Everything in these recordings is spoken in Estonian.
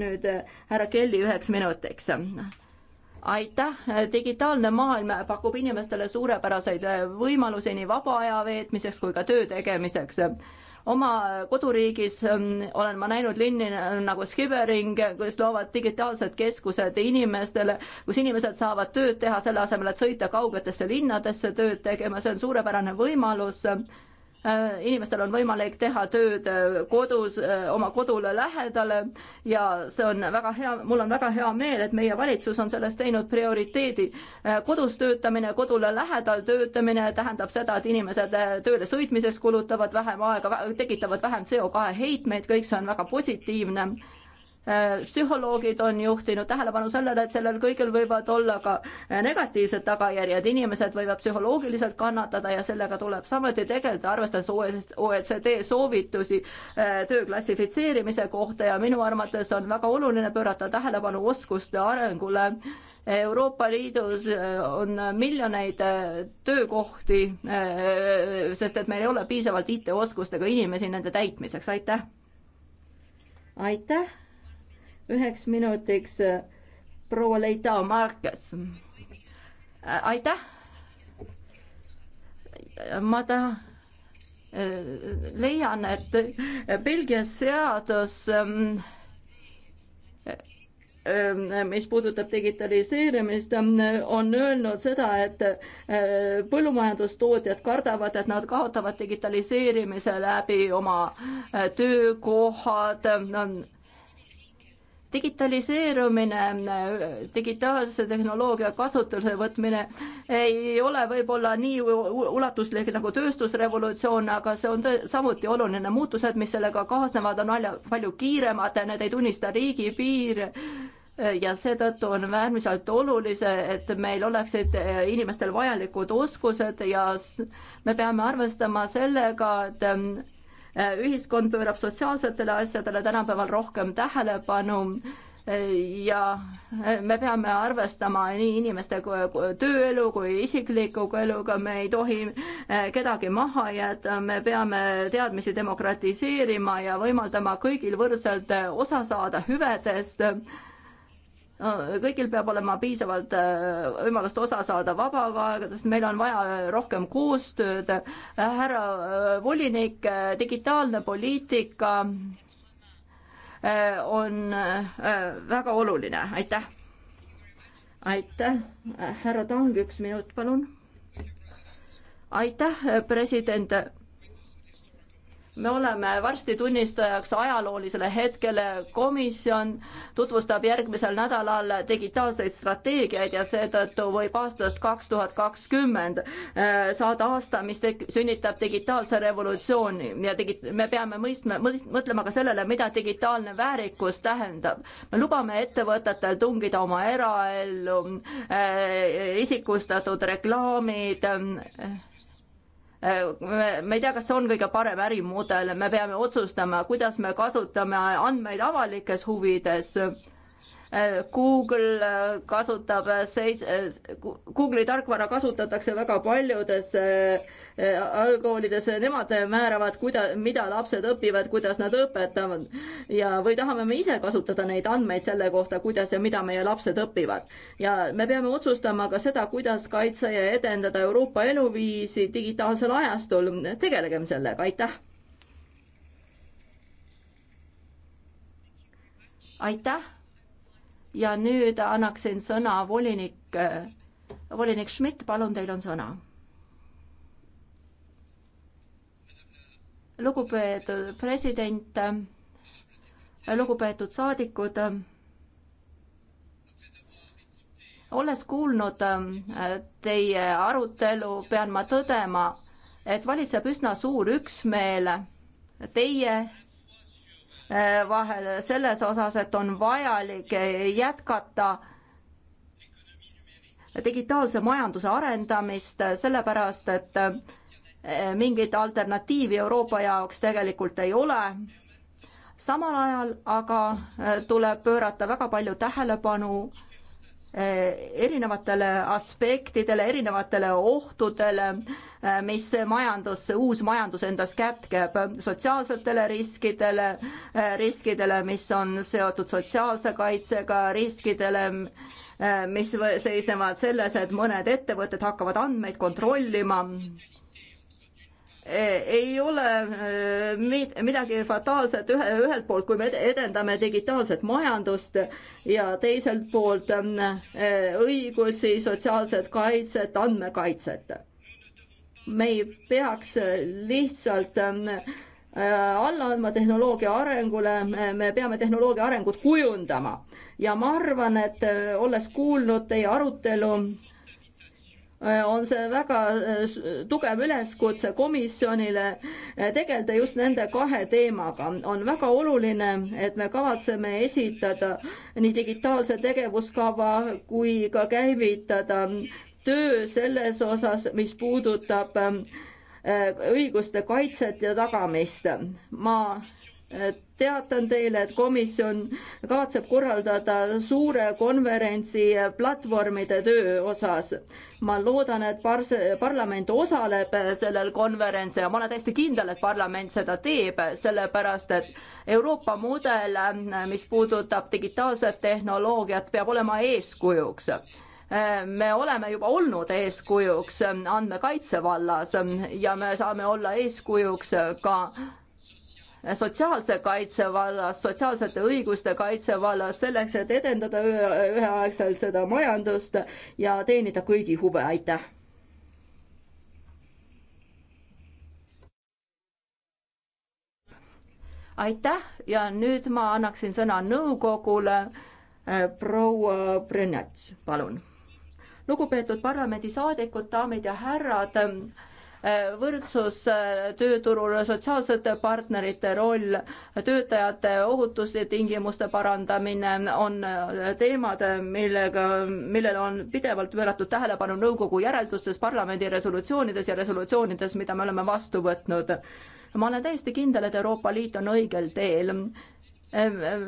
nüüd äh, härra Kelly üheks minutiks aitäh, digitaalne maailm pakub inimestele suurepäraseid äh, võimalusi nii vaba aja veetmiseks kui ka töö tegemiseks. oma koduriigis ähm, olen ma näinud linni äh, nagu Skibering, kus loovad digitaalsed keskused inimestele, kus inimesed saavad tööd teha selle asemel, et sõita kaugetesse linnadesse tööd tegema, see on suurepärane võimalus Äh, inimestel on võimalik teha tööd äh, kodus, äh, oma kodule lähedale ja see on väga hea, mul on väga hea meel, et meie valitsus on sellest teinud prioriteedi. kodus töötamine, kodule lähedal töötamine tähendab seda, et inimesed tööle sõitmiseks kulutavad vähem aega, tekitavad vähem CO2 heitmeid, kõik see on väga positiivne Äh, psühholoogid on juhtinud tähelepanu sellele, et sellel kõigil võivad olla ka äh, negatiivsed tagajärjed, inimesed võivad psühholoogiliselt kannatada ja sellega tuleb samuti tegeleda, arvestades OECD soovitusi äh, töö klassifitseerimise kohta ja minu arvates on väga oluline pöörata tähelepanu oskuste arengule. Euroopa Liidus on miljoneid töökohti, sest et meil ei ole piisavalt IT-oskustega inimesi nende täitmiseks, aitäh! aitäh! üheks minutiks äh, proua Leita Markes. Äh, aitäh. ma tahan äh, leian, et Belgia seadus ähm, ähm, mis puudutab digitaliseerimist, ähm, on öelnud seda, et põllumajandustootjad kardavad, et nad kaotavad digitaliseerimise läbi oma töökohad, ähm, digitaliseerumine, digitaalse tehnoloogia kasutusele võtmine ei ole võib-olla nii ulatuslik nagu tööstusrevolutsioon, aga see on samuti oluline. muutused, mis sellega kaasnevad, on palju kiiremad, need ei tunnista riigipiire ja seetõttu on äärmiselt olulise, et meil oleksid eh, inimestel vajalikud oskused ja me peame arvestama sellega, et Äh, ühiskond pöörab sotsiaalsetele asjadele tänapäeval rohkem tähelepanu äh, ja äh, me peame arvestama nii inimeste tööelu kui isikliku eluga, me ei tohi kedagi maha jätta, me peame teadmisi demokratiseerima ja võimaldama kõigil võrdselt osa saada hüvedest Äh, kõigil peab olema piisavalt äh, võimalust osa saada vabaga aegadest, meil on vaja äh, rohkem koostööd. härra volinik, digitaalne poliitika on väga oluline, aitäh. aitäh, härra Tang, üks minut, palun. aitäh, president me oleme varsti tunnistajaks ajaloolisele hetkele, komisjon tutvustab järgmisel nädalal digitaalseid strateegiaid ja seetõttu võib aastast kaks tuhat kakskümmend äh, saada aasta, mis sünnitab digitaalse revolutsiooni ja digi-, me peame mõistma, mõtlema ka sellele, mida digitaalne väärikus tähendab. me lubame ettevõtetel tungida oma eraellu, äh, isikustatud reklaamid, äh, me ei tea, kas see on kõige parem ärimudel, me peame otsustama, kuidas me kasutame andmeid avalikes huvides. Google kasutab seitse, Google'i tarkvara kasutatakse väga paljudes Äh, algkoolides, nemad määravad, kuida-, mida lapsed õpivad, kuidas nad õpetavad ja, või tahame me ise kasutada neid andmeid selle kohta, kuidas ja mida meie lapsed õpivad. ja me peame otsustama ka seda, kuidas kaitse ja edendada Euroopa eluviisi digitaalsel ajastul, tegelegem sellega, aitäh! aitäh ja nüüd annaksin sõna volinik, volinik Schmidt, palun, teil on sõna lugupeetud president, lugupeetud saadikud. olles kuulnud äh, teie arutelu, pean ma tõdema, et valitseb üsna suur üksmeel teie äh, vahel selles osas, et on vajalik äh, jätkata digitaalse majanduse arendamist, sellepärast et Eh, mingit alternatiivi Euroopa jaoks tegelikult ei ole. samal ajal aga eh, tuleb pöörata väga palju tähelepanu eh, erinevatele aspektidele, erinevatele ohtudele, mis majandus, uus majandus endas kätkeb, sotsiaalsetele riskidele, riskidele, mis on seotud sotsiaalse kaitsega, riskidele, mis seisnevad selles, et mõned ettevõtted hakkavad andmeid kontrollima Eh, ei ole eh, mid-, midagi fataalset ühe, ühelt poolt, kui me edendame digitaalset majandust ja teiselt poolt eh, õigusi, sotsiaalset kaitset, andmekaitset. me ei peaks lihtsalt alla andma tehnoloogia arengule, me peame tehnoloogia arengut kujundama. ja ma arvan, et olles kuulnud teie arutelu Äh, on see väga äh, tugev üleskutse komisjonile äh, tegeleda just nende kahe teemaga. on väga oluline, et me kavatseme esitada nii digitaalse tegevuskava kui ka käivitada töö selles osas, mis puudutab õiguste kaitset ja tagamist. ma teatan teile, et komisjon kavatseb korraldada suure konverentsi platvormide töö osas. ma loodan, et par-, parlament osaleb sellel konverentsil ja ma olen täiesti kindel, et parlament seda teeb, sellepärast et Euroopa mudel, mis puudutab digitaalset tehnoloogiat, peab olema eeskujuks me oleme juba olnud eeskujuks andmekaitse vallas ja me saame olla eeskujuks ka sotsiaalse kaitse vallas, sotsiaalsete õiguste kaitse vallas, selleks et edendada üheaegselt seda majandust ja teenida kõigi huve, aitäh! aitäh ja nüüd ma annaksin sõna nõukogule. Eh, proua Brennats, palun. lugupeetud parlamendisaadikud, daamid ja härrad võrdsus äh, tööturul, sotsiaalsete partnerite roll, töötajate ohutustingimuste parandamine on äh, teemad, millega, millele on pidevalt pööratud tähelepanu nõukogu järeldustes, parlamendi resolutsioonides ja resolutsioonides, mida me oleme vastu võtnud ma olen täiesti kindel, et Euroopa Liit on õigel teel Ehm, ehm,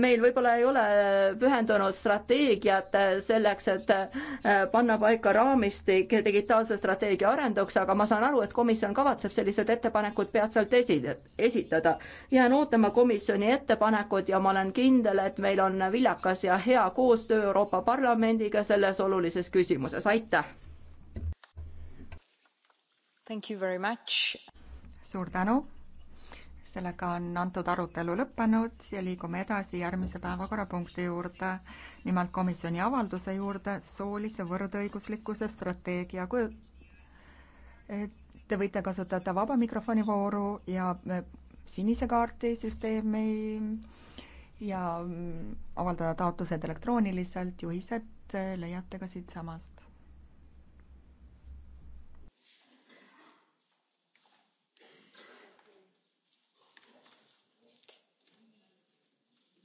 meil võib-olla ei ole ehm, pühendunud strateegiat selleks, et panna paika raamistik digitaalse strateegia arenduks, aga ma saan aru, et komisjon kavatseb sellised ettepanekud peatselt esi-, esitada. jään ootama komisjoni ettepanekud ja ma olen kindel, et meil on viljakas ja hea koostöö Euroopa Parlamendiga selles olulises küsimuses, aitäh! suur tänu! sellega on antud arutelu lõppenud ja liigume edasi järgmise päevakorrapunkti juurde, nimelt komisjoni avalduse juurde soolise võrdõiguslikkuse strateegia. kui te võite kasutada vaba mikrofoni vooru ja e, sinise kaardi süsteemi ja mm, avaldada taotlused elektrooniliselt, juhised e, leiate ka siitsamast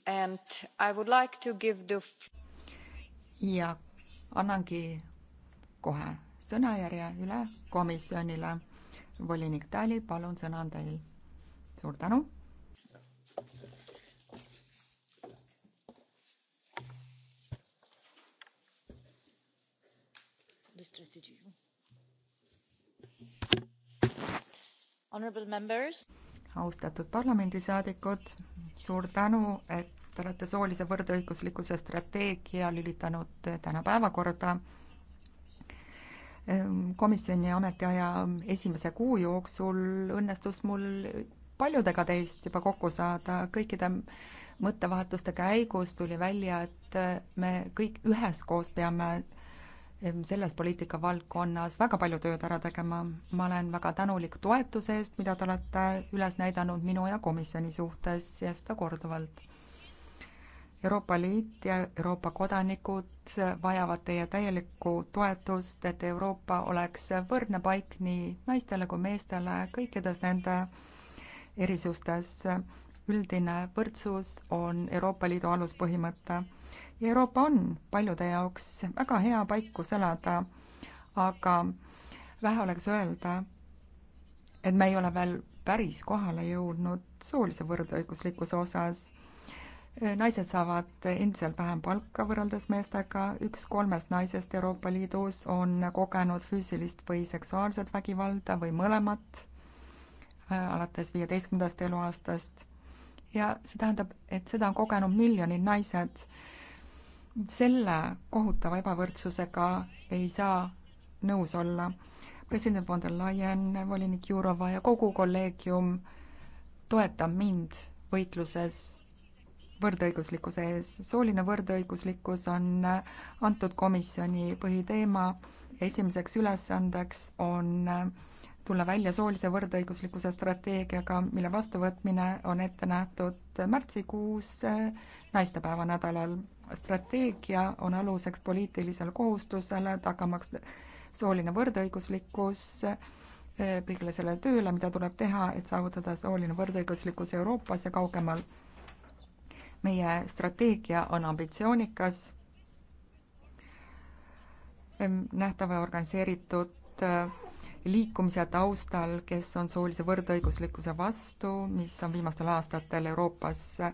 and I would like to give the ja annangi kohe sõnajärje üle komisjonile. volinik Tali, palun, sõna on teil. suur tänu. Honourable members austatud parlamendisaadikud, suur tänu, et te olete soolise võrdõiguslikkuse strateegia lülitanud täna päevakorda. Ehm, komisjoni ametiaja esimese kuu jooksul õnnestus mul paljudega teist juba kokku saada, kõikide mõttevahetuste käigus tuli välja, et me kõik üheskoos peame selles poliitikavaldkonnas väga palju tööd ära tegema. ma olen väga tänulik toetuse eest, mida te olete üles näidanud minu ja komisjoni suhtes ja seda korduvalt. Euroopa Liit ja Euroopa kodanikud vajavad teie täielikku toetust, et Euroopa oleks võrdne paik nii naistele kui meestele kõikides nende erisustes üldine võrdsus on Euroopa Liidu aluspõhimõte. ja Euroopa on paljude jaoks väga hea paik, kus elada, aga vähe oleks öelda, et me ei ole veel päris kohale jõudnud soolise võrdõiguslikkuse osas. naised saavad endiselt vähem palka võrreldes meestega, üks kolmest naisest Euroopa Liidus on kogenud füüsilist või seksuaalset vägivalda või mõlemat äh, alates viieteistkümnendast eluaastast ja see tähendab, et seda on kogenud miljonid naised. selle kohutava ebavõrdsusega ei saa nõus olla. president von der Leyen, volinik Jurova ja kogu kolleegium toetab mind võitluses võrdõiguslikkuse ees. sooline võrdõiguslikkus on antud komisjoni põhiteema. esimeseks ülesandeks on tulla välja soolise võrdõiguslikkuse strateegiaga, mille vastuvõtmine on ette nähtud märtsikuus eh, naistepäeva nädalal. strateegia on aluseks poliitilisele kohustusele, tagamaks sooline võrdõiguslikkus eh, kõigele sellele tööle, mida tuleb teha, et saavutada sooline võrdõiguslikkus Euroopas ja kaugemal. meie strateegia on ambitsioonikas, eh, nähtav ja organiseeritud liikumise taustal, kes on soolise võrdõiguslikkuse vastu, mis on viimastel aastatel Euroopas ja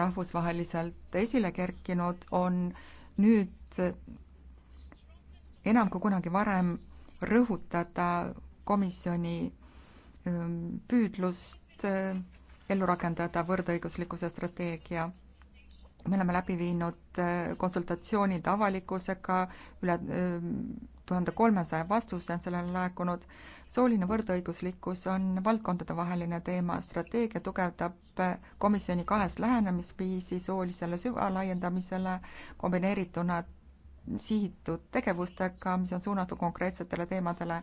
rahvusvaheliselt esile kerkinud, on nüüd enam kui kunagi varem rõhutada komisjoni ähm, püüdlust äh, ellu rakendada võrdõiguslikkuse strateegia me oleme läbi viinud äh, konsultatsioonid avalikkusega, üle äh, tuhande kolmesaja vastuse on sellele laekunud. sooline võrdõiguslikkus on valdkondadevaheline teema, strateegia tugevdab äh, komisjoni kahes lähenemisviisi soolisele süvalaiendamisele kombineerituna sihitud tegevustega, mis on suunatud konkreetsetele teemadele.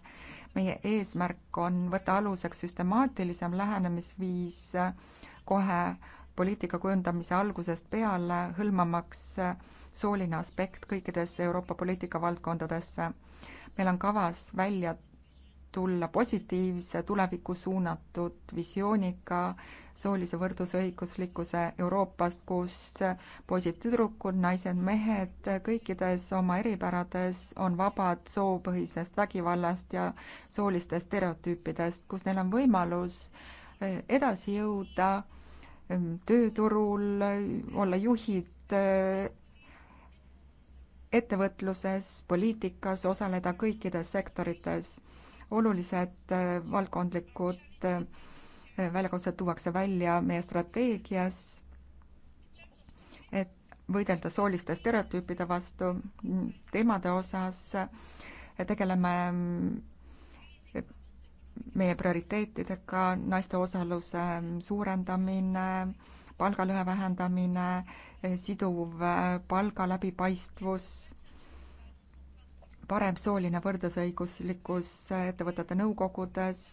meie eesmärk on võtta aluseks süstemaatilisem lähenemisviis kohe poliitika kujundamise algusest peale, hõlmamaks äh, sooline aspekt kõikidesse Euroopa poliitika valdkondadesse. meil on kavas välja tulla positiivse tulevikku suunatud visiooniga soolise võrdusõiguslikkuse Euroopast, kus äh, poisid, tüdrukud, naised, mehed äh, kõikides oma eripärades on vabad soopõhisest vägivallast ja soolistest stereotüüpidest, kus neil on võimalus edasi jõuda Ähm, tööturul, olla juhid äh, ettevõtluses, poliitikas, osaleda kõikides sektorites. olulised äh, valdkondlikud äh, väljakutsed tuuakse välja meie strateegias, et võidelda sooliste stereotüüpide vastu, teemade osas tegeleme meie prioriteetidega, naiste osaluse suurendamine, palgalõhe vähendamine, siduv palga läbipaistvus, parem sooline võrdõiguslikkus ettevõtete nõukogudes,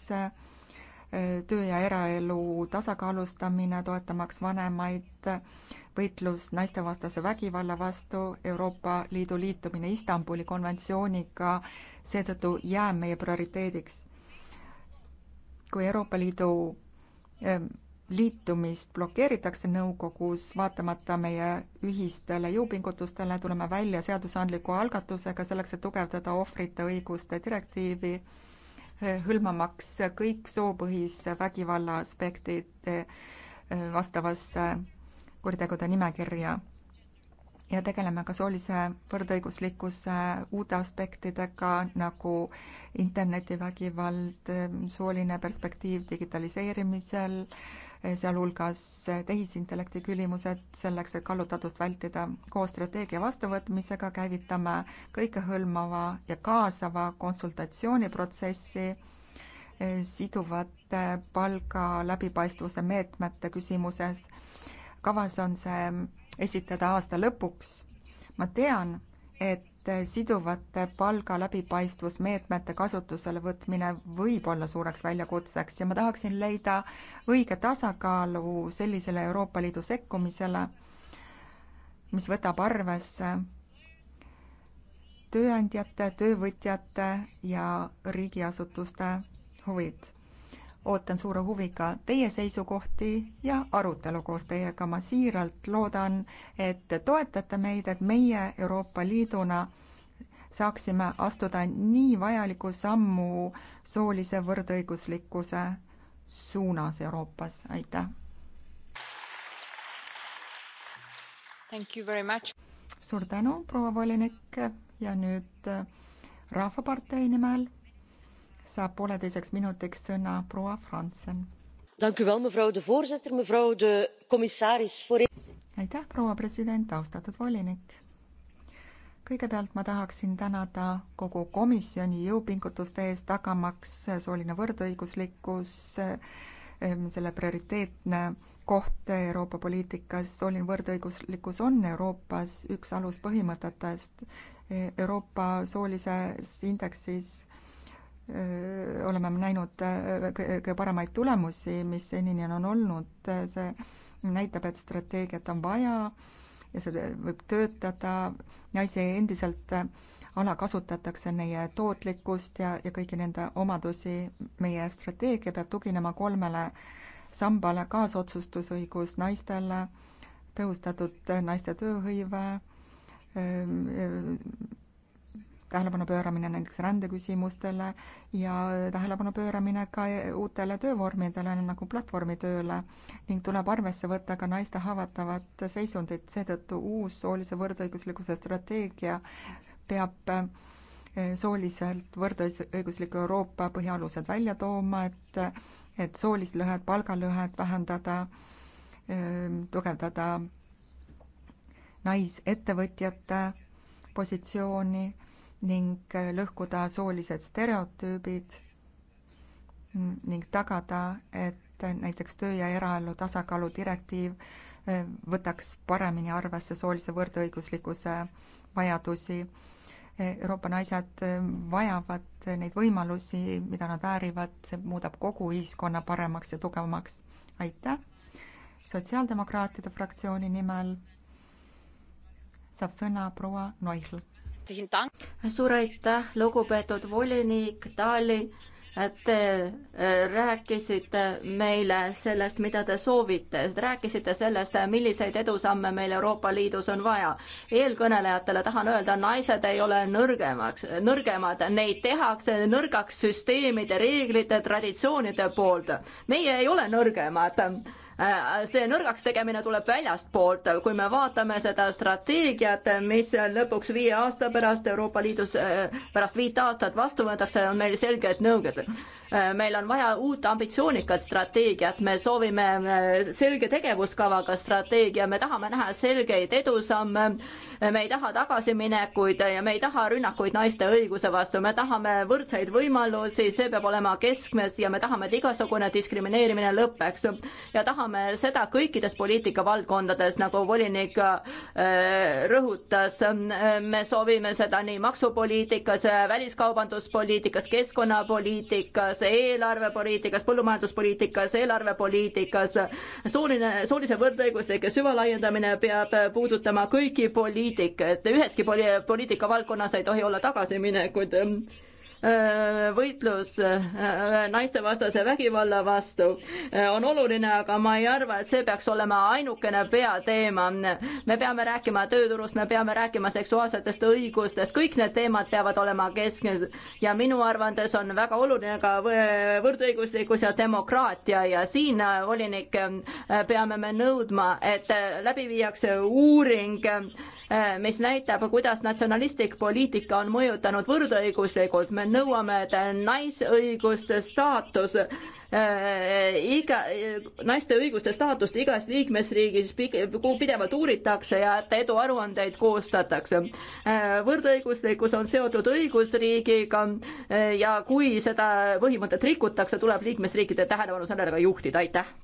töö ja eraelu tasakaalustamine, toetamaks vanemaid, võitlus naistevastase vägivalla vastu, Euroopa Liidu liitumine Istanbuli konventsiooniga, seetõttu jääb meie prioriteediks kui Euroopa Liidu ehm, liitumist blokeeritakse nõukogus, vaatamata meie ühistele jõupingutustele, tuleme välja seadusandliku algatusega selleks, et tugevdada ohvrite õiguste direktiivi, eh, hõlmamaks kõik soopõhise vägivalla aspektid eh, vastavasse kuritegude nimekirja ja tegeleme ka soolise võrdõiguslikkuse uute aspektidega nagu internetivägivald, sooline perspektiiv digitaliseerimisel, sealhulgas tehisintellekti küsimused selleks, et kallutatust vältida. koos strateegia vastuvõtmisega käivitame kõikehõlmava ja kaasava konsultatsiooniprotsessi siduvate palga läbipaistvuse meetmete küsimuses. kavas on see esitada aasta lõpuks. ma tean, et siduvate palga läbipaistvusmeetmete kasutusele võtmine võib olla suureks väljakutseks ja ma tahaksin leida õige tasakaalu sellisele Euroopa Liidu sekkumisele, mis võtab arvesse tööandjate, töövõtjate ja riigiasutuste huvid ootan suure huviga teie seisukohti ja arutelu koos teiega. ma siiralt loodan, et te toetate meid, et meie Euroopa Liiduna saaksime astuda nii vajaliku sammu soolise võrdõiguslikkuse suunas Euroopas. aitäh! suur tänu, proua volinik ja nüüd Rahvapartei nimel saab pooleteiseks minutiks sõna proua Franzen. aitäh, proua president, austatud volinik. kõigepealt ma tahaksin tänada kogu komisjoni jõupingutuste eest, tagamaks sooline võrdõiguslikkus, ehm, selle prioriteetne koht Euroopa poliitikas, sooline võrdõiguslikkus on Euroopas üks aluspõhimõtetest. Euroopa soolises indeksis oleme näinud kõige paremaid tulemusi, mis senini on olnud, see näitab, et strateegiat on vaja ja see võib töötada, naisi endiselt alakasutatakse meie tootlikkust ja, ja kõiki nende omadusi. meie strateegia peab tuginema kolmele sambale, kaasotsustusõigus naistele, tõhustatud naiste tööhõive, tähelepanu pööramine näiteks rändeküsimustele ja tähelepanu pööramine ka uutele töövormidele nagu platvormitööle ning tuleb arvesse võtta ka naiste haavatavat seisundit, seetõttu uus soolise võrdõiguslikkuse strateegia peab eh, sooliselt võrdõigusliku Euroopa põhialused välja tooma, et, et soolist lõhet, palgalõhet vähendada, eh, tugevdada naisettevõtjate positsiooni ning äh, lõhkuda soolised stereotüübid ning tagada, et näiteks töö ja eraelu tasakaalu direktiiv äh, võtaks paremini arvesse soolise võrdõiguslikkuse vajadusi. Euroopa naised äh, vajavad neid võimalusi, mida nad väärivad, see muudab kogu ühiskonna paremaks ja tugevamaks. aitäh! sotsiaaldemokraatide fraktsiooni nimel saab sõna proua Neuchl suur aitäh, lugupeetud volinik Dali te äh, rääkisite meile sellest, mida te soovite, rääkisite sellest, milliseid edusamme meil Euroopa Liidus on vaja. eelkõnelejatele tahan öelda, naised ei ole nõrgemaks, nõrgemad, neid tehakse nõrgaks süsteemide, reeglite, traditsioonide poolt. meie ei ole nõrgemad Äh, see nõrgaks tegemine tuleb väljastpoolt, kui me vaatame seda strateegiat, mis lõpuks viie aasta pärast Euroopa Liidus, äh, pärast viit aastat vastu võetakse, on meil selged nõuded. Äh, meil on vaja uut ambitsioonikat strateegiat, me soovime selge tegevuskavaga strateegia, me tahame näha selgeid edusamme me ei taha tagasiminekuid ja me ei taha rünnakuid naiste õiguse vastu, me tahame võrdseid võimalusi, see peab olema keskmes ja me tahame, et igasugune diskrimineerimine lõpeks. ja tahame seda kõikides poliitikavaldkondades, nagu volinik äh, rõhutas, me soovime seda nii maksupoliitikas, väliskaubanduspoliitikas, keskkonnapoliitikas, eelarvepoliitikas, põllumajanduspoliitikas, eelarvepoliitikas, sooline, soolise võrdõiguslikkuse süvalaiendamine peab puudutama kõiki poliitikaid, poliitik, et üheski poli-, poliitikavaldkonnas ei tohi olla tagasiminekuid äh, võitlus äh, naistevastase vägivalla vastu äh, on oluline, aga ma ei arva, et see peaks olema ainukene peateema. me peame rääkima tööturust, me peame rääkima seksuaalsetest õigustest, kõik need teemad peavad olema keskmes ja minu arvates on väga oluline ka võrdõiguslikkus ja demokraatia ja siin, volinik, peame me nõudma, et läbi viiakse uuring Äh, mis näitab, kuidas natsionalistlik poliitika on mõjutanud võrdõiguslikult. me nõuame, et naisõiguste staatus äh, iga, naiste õiguste staatust igas liikmesriigis pidevalt uuritakse ja et eduaruandeid koostatakse. Äh, võrdõiguslikkus on seotud õigusriigiga ja kui seda põhimõtet rikutakse, tuleb liikmesriikide tähelepanu sellele ka juhtida, aitäh!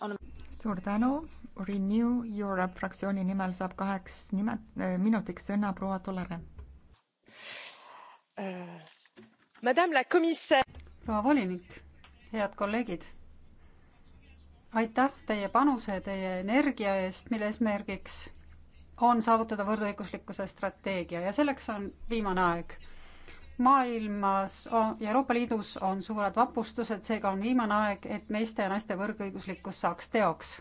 On... suur tänu Renew Europe fraktsiooni nimel saab kaheks nime, äh, minutiks sõna proua Tolere äh,. proua volinik, head kolleegid, aitäh teie panuse, teie energia eest, mille eesmärgiks on saavutada võrdõiguslikkuse strateegia ja selleks on viimane aeg maailmas on, ja Euroopa Liidus on suured vapustused, seega on viimane aeg, et meeste ja naiste võrdõiguslikkus saaks teoks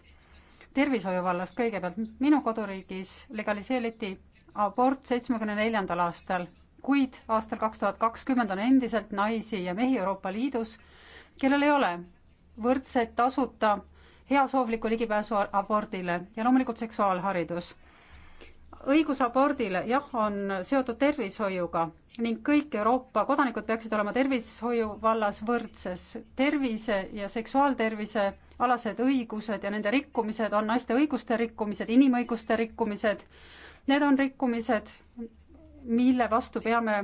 tervishoiu vallas kõigepealt, minu koduriigis legaliseeriti abort seitsmekümne neljandal aastal, kuid aastal kaks tuhat kakskümmend on endiselt naisi ja mehi Euroopa Liidus, kellel ei ole võrdset tasuta heasoovlikku ligipääsu abordile ja loomulikult seksuaalharidus. õigus abordile, jah, on seotud tervishoiuga ning kõik Euroopa kodanikud peaksid olema tervishoiu vallas võrdses tervise ja seksuaaltervise alased õigused ja nende rikkumised on naiste õiguste rikkumised, inimõiguste rikkumised. Need on rikkumised, mille vastu peame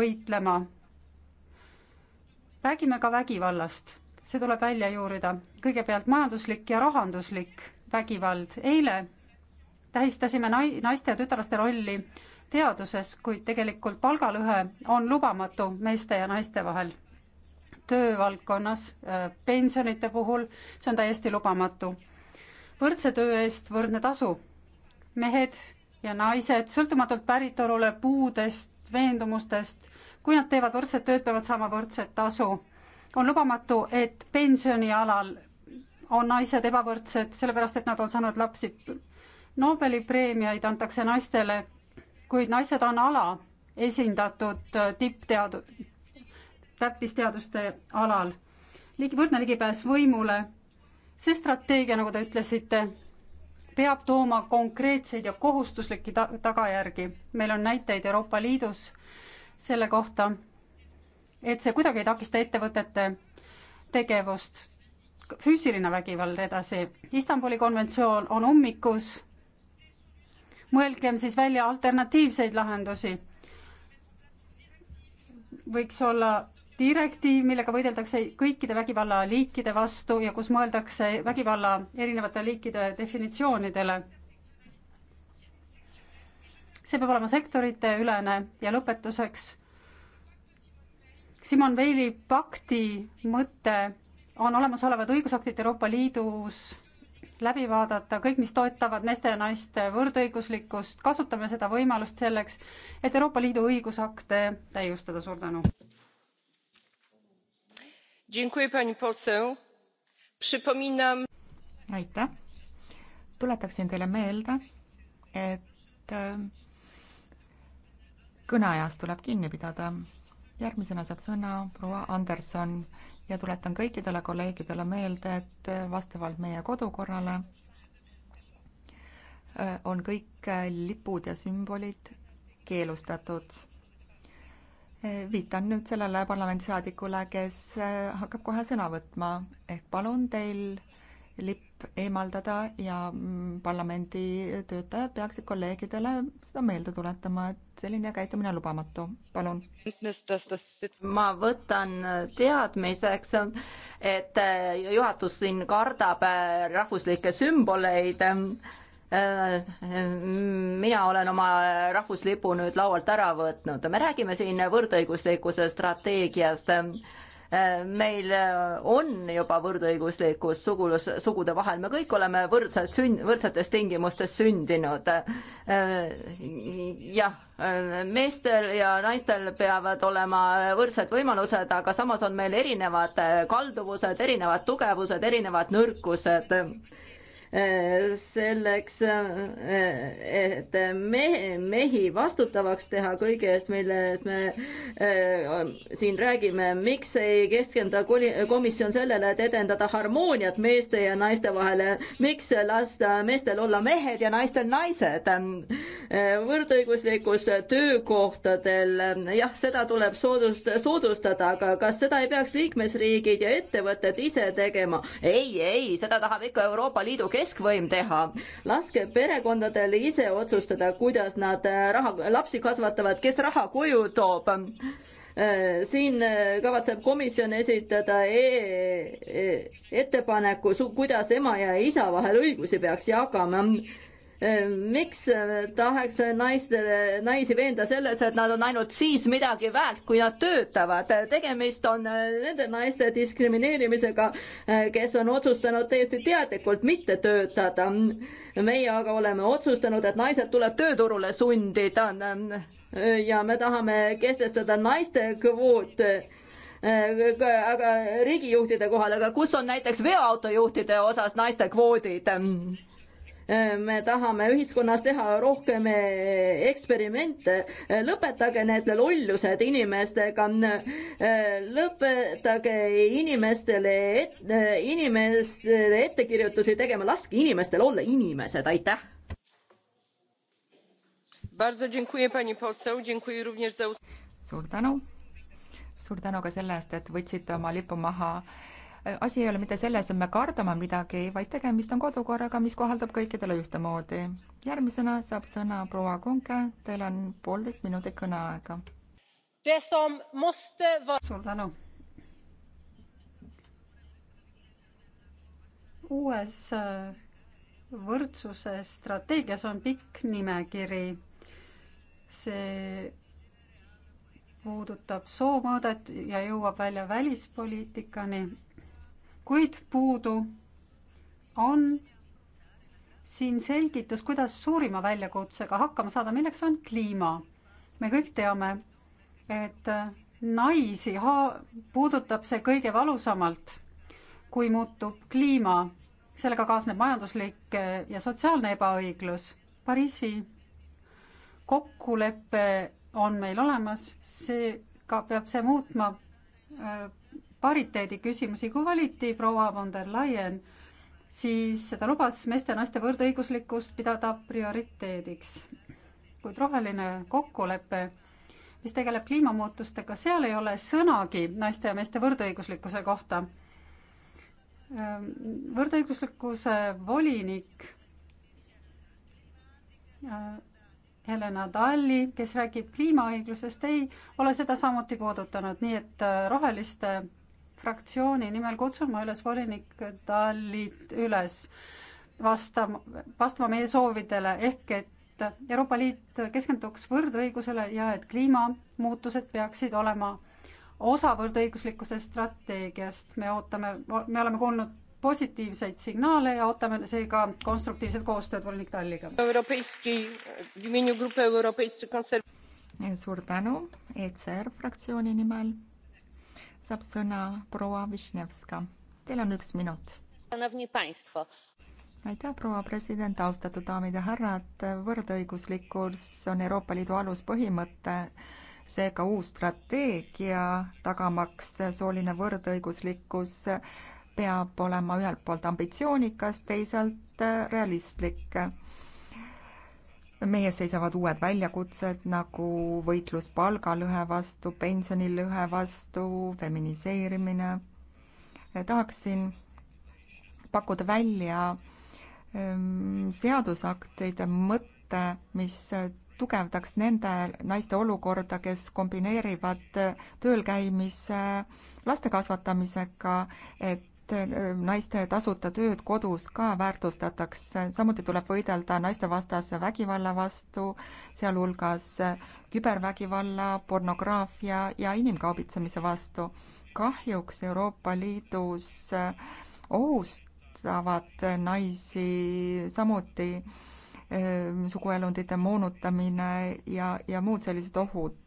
võitlema. räägime ka vägivallast, see tuleb välja juurida. kõigepealt majanduslik ja rahanduslik vägivald. eile tähistasime nai-, naiste ja tütarlaste rolli teaduses, kuid tegelikult palgalõhe on lubamatu meeste ja naiste vahel töövaldkonnas äh, pensionite puhul, see on täiesti lubamatu. võrdse töö eest võrdne tasu. mehed ja naised, sõltumatult päritolule, puudest, veendumustest, kui nad teevad võrdset tööd, peavad saama võrdset tasu. on lubamatu, et pensionialal on naised ebavõrdsed, sellepärast et nad on saanud lapsi. Nobeli preemiaid antakse naistele, kuid naised on alaesindatud äh, tippteadu-, täppisteaduste alal. ligi, võrdne ligipääs võimule, see strateegia, nagu te ütlesite, peab tooma konkreetseid ja kohustuslikke ta tagajärgi. meil on näiteid Euroopa Liidus selle kohta, et see kuidagi ei takista ettevõtete tegevust. füüsiline vägivald edasi. Istanbuli konventsioon on ummikus. mõelgem siis välja alternatiivseid lahendusi. võiks olla direktiiv, millega võideldakse kõikide vägivalla liikide vastu ja kus mõeldakse vägivalla erinevate liikide definitsioonidele. see peab olema sektoriteülene ja lõpetuseks. Simon Veili pakti mõte on olemasolevad õigusaktid Euroopa Liidus läbi vaadata, kõik, mis toetavad meeste ja naiste võrdõiguslikkust, kasutame seda võimalust selleks, et Euroopa Liidu õigusakte täiustada, suur tänu! aitäh. tuletaksin teile meelde, et äh, kõneajast tuleb kinni pidada. järgmisena saab sõna proua Anderson ja tuletan kõikidele kolleegidele meelde, et äh, vastavalt meie kodukorrale äh, on kõik lipud ja sümbolid keelustatud viitan nüüd sellele parlamendisaadikule, kes äh, hakkab kohe sõna võtma, ehk palun teil lipp eemaldada ja mm, parlamendi töötajad peaksid kolleegidele seda meelde tuletama, et selline käitumine on lubamatu. palun. ma võtan teadmiseks, et juhatus siin kardab rahvuslikke sümboleid Äh, mina olen oma rahvuslipu nüüd laualt ära võtnud. me räägime siin võrdõiguslikkuse strateegiast. Äh, meil on juba võrdõiguslikkus sugulus, sugude vahel, me kõik oleme võrdselt sünn-, võrdsetes tingimustes sündinud. Äh, jah, meestel ja naistel peavad olema võrdsed võimalused, aga samas on meil erinevad kalduvused, erinevad tugevused, erinevad nõrkused selleks, et mehe, mehi vastutavaks teha kõige eest, mille eest me eh, siin räägime. miks ei keskenda komisjon sellele, et edendada harmooniat meeste ja naiste vahele, miks lasta meestel olla mehed ja naistel naised? võrdõiguslikkus töökohtadel, jah, seda tuleb soodust, soodustada, aga kas seda ei peaks liikmesriigid ja ettevõtted ise tegema? ei, ei, seda tahab ikka Euroopa Liidu keskkonnakomisjon keskvõim teha. laske perekondadel ise otsustada, kuidas nad äh, raha, lapsi kasvatavad, kes raha koju toob äh, siin äh, kavatseb komisjon esitada e e ettepaneku, kuidas ema ja isa vahel õigusi peaks jagama Ehm, miks äh, tahaks äh, naistele, äh, naisi veenda selles, et nad on ainult siis midagi väärt, kui nad töötavad. tegemist on nende naiste diskrimineerimisega, kes on otsustanud täiesti teadlikult mitte töötada. meie aga oleme otsustanud, et naised tuleb tööturule sundida. ja me tahame kehtestada naiste kvoot aga riigijuhtide kohal, aga kus on näiteks veoautojuhtide osas naiste kvoodid? me tahame ühiskonnas teha rohkem eh, eksperimente, lõpetage need lollused inimestega, lõpetage inimestele et,, inimestele ettekirjutusi tegema, laske inimestel olla inimesed, aitäh! suur tänu, suur tänu ka selle eest, et võtsite oma lipu maha asi ei ole mitte selles, et me kardame midagi, vaid tegemist on kodukorraga, mis kohaldab kõikidele ühtemoodi. järgmisena saab sõna proua Kunke, teil on poolteist minutit kõneaega. suur tänu. uues äh, võrdsuse strateegias on pikk nimekiri. see puudutab soomõõdet ja jõuab välja välispoliitikani kuid puudu on siin selgitus, kuidas suurima väljakutsega hakkama saada, milleks on kliima. me kõik teame, et naisi ha-, puudutab see kõige valusamalt, kui muutub kliima. sellega kaasneb majanduslik ja sotsiaalne ebaõiglus. Pariisi kokkulepe on meil olemas, see ka peab see muutma pariteedi küsimusi, kui valiti proua von der Leyen, siis ta lubas meeste ja naiste võrdõiguslikkust pidada prioriteediks. kuid roheline kokkulepe, mis tegeleb kliimamuutustega, seal ei ole sõnagi naiste ja meeste võrdõiguslikkuse kohta. Ehm, võrdõiguslikkuse volinik äh, Helena Talli, kes räägib kliimaõiglusest, ei ole seda samuti puudutanud, nii et äh, roheliste fraktsiooni nimel kutsun ma üles volinik Talit üles vastama, vastama meie soovidele, ehk et Euroopa Liit keskenduks võrdõigusele ja et kliimamuutused peaksid olema osa võrdõiguslikkuse strateegiast. me ootame, me oleme kuulnud positiivseid signaale ja ootame seega konstruktiivset koostööd volinik Talliga. suur tänu ECR fraktsiooni nimel saab sõna proua Višnevska. Teil on üks minut. aitäh, proua president, austatud daamid ja härrad, võrdõiguslikkus on Euroopa Liidu aluspõhimõte, seega uus strateegia tagamaks sooline võrdõiguslikkus peab olema ühelt poolt ambitsioonikas, teisalt realistlik meie seisavad uued väljakutsed nagu võitlus palgalõhe vastu, pensionilõhe vastu, feminiseerimine. tahaksin pakkuda välja ehm, seadusaktide mõtte, mis tugevdaks nende naiste olukorda, kes kombineerivad tööl käimise laste kasvatamisega, et et äh, naiste tasuta tööd kodus ka väärtustataks. samuti tuleb võidelda naistevastase vägivalla vastu, sealhulgas äh, kübervägivalla, pornograafia ja inimkaubitsemise vastu. kahjuks Euroopa Liidus äh, ohustavad naisi samuti suguelundite moonutamine ja, ja muud sellised ohud.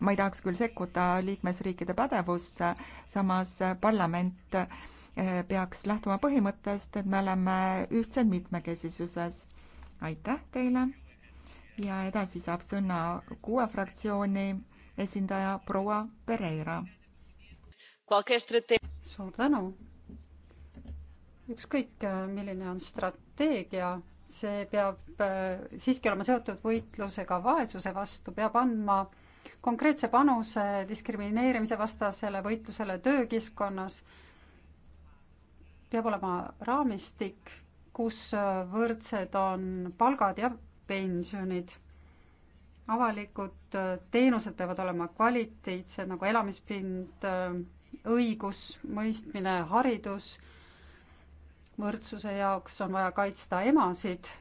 ma ei tahaks küll sekkuda liikmesriikide pädevusse, samas parlament peaks lähtuma põhimõttest, et me oleme ühtsed mitmekesisuses. aitäh teile ja edasi saab sõna kuue fraktsiooni esindaja proua Pereira. suur tänu. ükskõik, milline on strateegia, see peab eh, siiski olema seotud võitlusega vaesuse vastu, peab andma konkreetse panuse diskrimineerimise vastasele võitlusele töökeskkonnas peab olema raamistik, kus võrdsed on palgad ja pensionid. avalikud teenused peavad olema kvaliteetsed nagu elamispind, õigus, mõistmine, haridus. võrdsuse jaoks on vaja kaitsta emasid,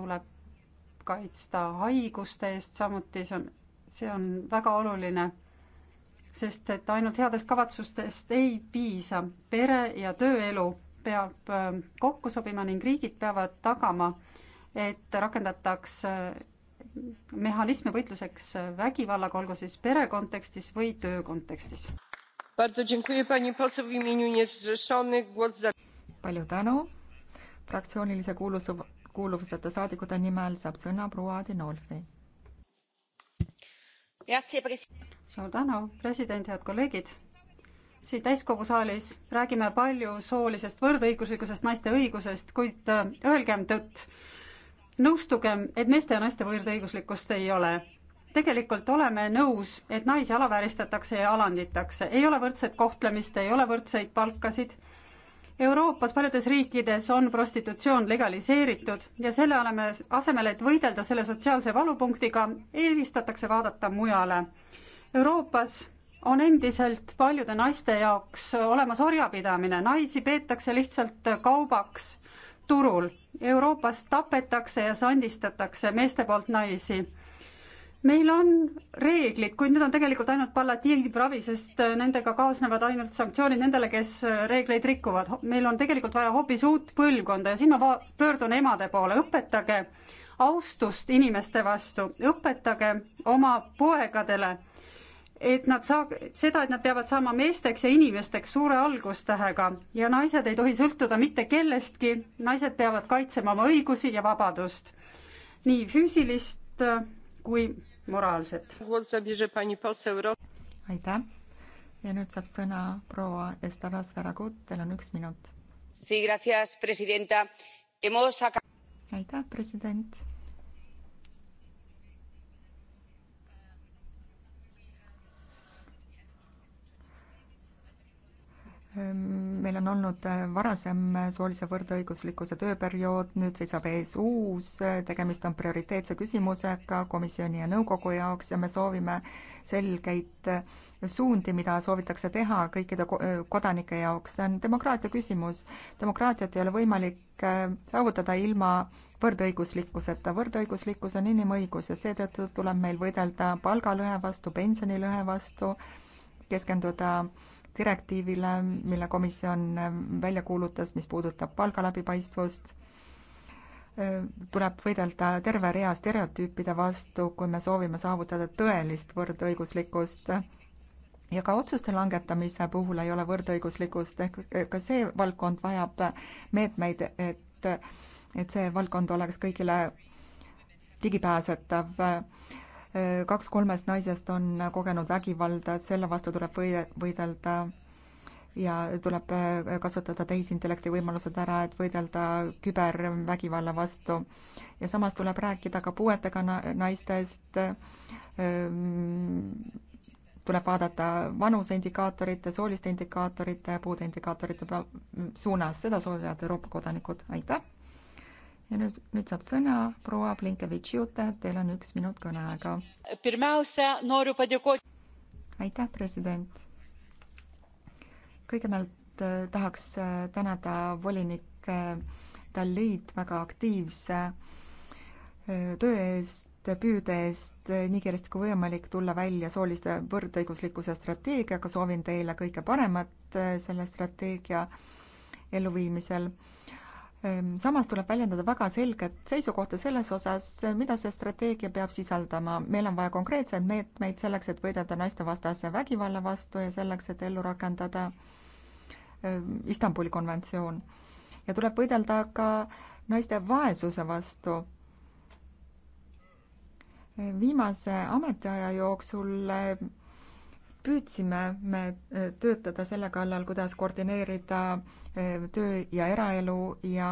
tuleb kaitsta haiguste eest, samuti see on, see on väga oluline sest et ainult headest kavatsustest ei piisa. pere- ja tööelu peab ähm, kokku sobima ning riigid peavad tagama, et rakendataks äh, mehhanisme võitluseks äh, vägivallaga, olgu siis pere kontekstis või töö kontekstis. palju tänu. fraktsioonilise kuulus, kuuluvuseta saadikute nimel saab sõna proua Adinolfi suur tänu, president, head kolleegid. siin täiskogu saalis räägime palju soolisest võrdõiguslikkusest, naiste õigusest, kuid äh, öelgem tõtt. nõustugem, et meeste ja naiste võrdõiguslikkust ei ole tegelikult oleme nõus, et naisi alavääristatakse ja alanditakse, ei ole võrdset kohtlemist, ei ole võrdseid palkasid Euroopas paljudes riikides on prostitutsioon legaliseeritud ja selle oleme asemel, et võidelda selle sotsiaalse valupunktiga, eelistatakse vaadata mujale. Euroopas on endiselt paljude naiste jaoks olemas orjapidamine, naisi peetakse lihtsalt kaubaks turul. Euroopas tapetakse ja sandistatakse meeste poolt naisi meil on reeglid, kuid need on tegelikult ainult palliatiivravi, sest äh, nendega kaasnevad ainult sanktsioonid nendele, kes äh, reegleid rikuvad. meil on tegelikult vaja hoopis uut põlvkonda ja siin ma pöördun emade poole, õpetage austust inimeste vastu, õpetage oma poegadele, et nad saa-, seda, et nad peavad saama meesteks ja inimesteks suure algustähega ja naised ei tohi sõltuda mitte kellestki, naised peavad kaitsema oma õigusi ja vabadust, nii füüsilist äh, kui moraalsed. aitäh ja nüüd saab sõna proua Estaras Veragut, teil on üks minut. aitäh, president meil on olnud äh, varasem äh, soolise võrdõiguslikkuse tööperiood, nüüd seisab ees uus, äh, tegemist on prioriteetse küsimusega komisjoni ja nõukogu jaoks ja me soovime selgeid suundi, mida soovitakse teha kõikide kodanike jaoks, see on demokraatia küsimus. demokraatiat ei ole võimalik saavutada ilma võrdõiguslikkuseta, võrdõiguslikkus on inimõigus ja seetõttu tuleb meil võidelda palgalõhe vastu, pensionilõhe vastu, keskenduda direktiivile, mille komisjon välja kuulutas, mis puudutab palgaläbipaistvust, tuleb võidelda terve rea stereotüüpide vastu, kui me soovime saavutada tõelist võrdõiguslikkust. ja ka otsuste langetamise puhul ei ole võrdõiguslikkust, ehk eh, ka see valdkond vajab meetmeid, et, et see valdkond oleks kõigile ligipääsetav kaks kolmest naisest on kogenud vägivalda, et selle vastu tuleb või-, võidelda ja tuleb äh, kasutada tehisintellekti võimalused ära, et võidelda kübervägivalla vastu. ja samas tuleb rääkida ka puuetega naistest, ähm, tuleb vaadata vanuseindikaatorite, sooliste indikaatorite, puude indikaatorite suunas, seda soovivad Euroopa kodanikud, aitäh! ja nüüd, nüüd saab sõna proua Blinkevitš-Jute, teil on üks minut kõneaega. aitäh, president. kõigepealt äh, tahaks äh, tänada volinik äh, Dalit väga aktiivse töö eest, püüde eest nii kiiresti kui võimalik tulla välja soolise võrdõiguslikkuse strateegiaga, soovin teile kõige paremat selle strateegia elluviimisel Ehm, samas tuleb väljendada väga selget seisukohta selles osas, mida see strateegia peab sisaldama. meil on vaja konkreetseid meetmeid selleks, et võidelda naistevastase vägivalla vastu ja selleks, et ellu rakendada ehm, Istanbuli konventsioon. ja tuleb võidelda ka naiste vaesuse vastu. Ehm, viimase ametiaja jooksul püüdsime me e, töötada selle kallal, kuidas koordineerida e, töö- ja eraelu ja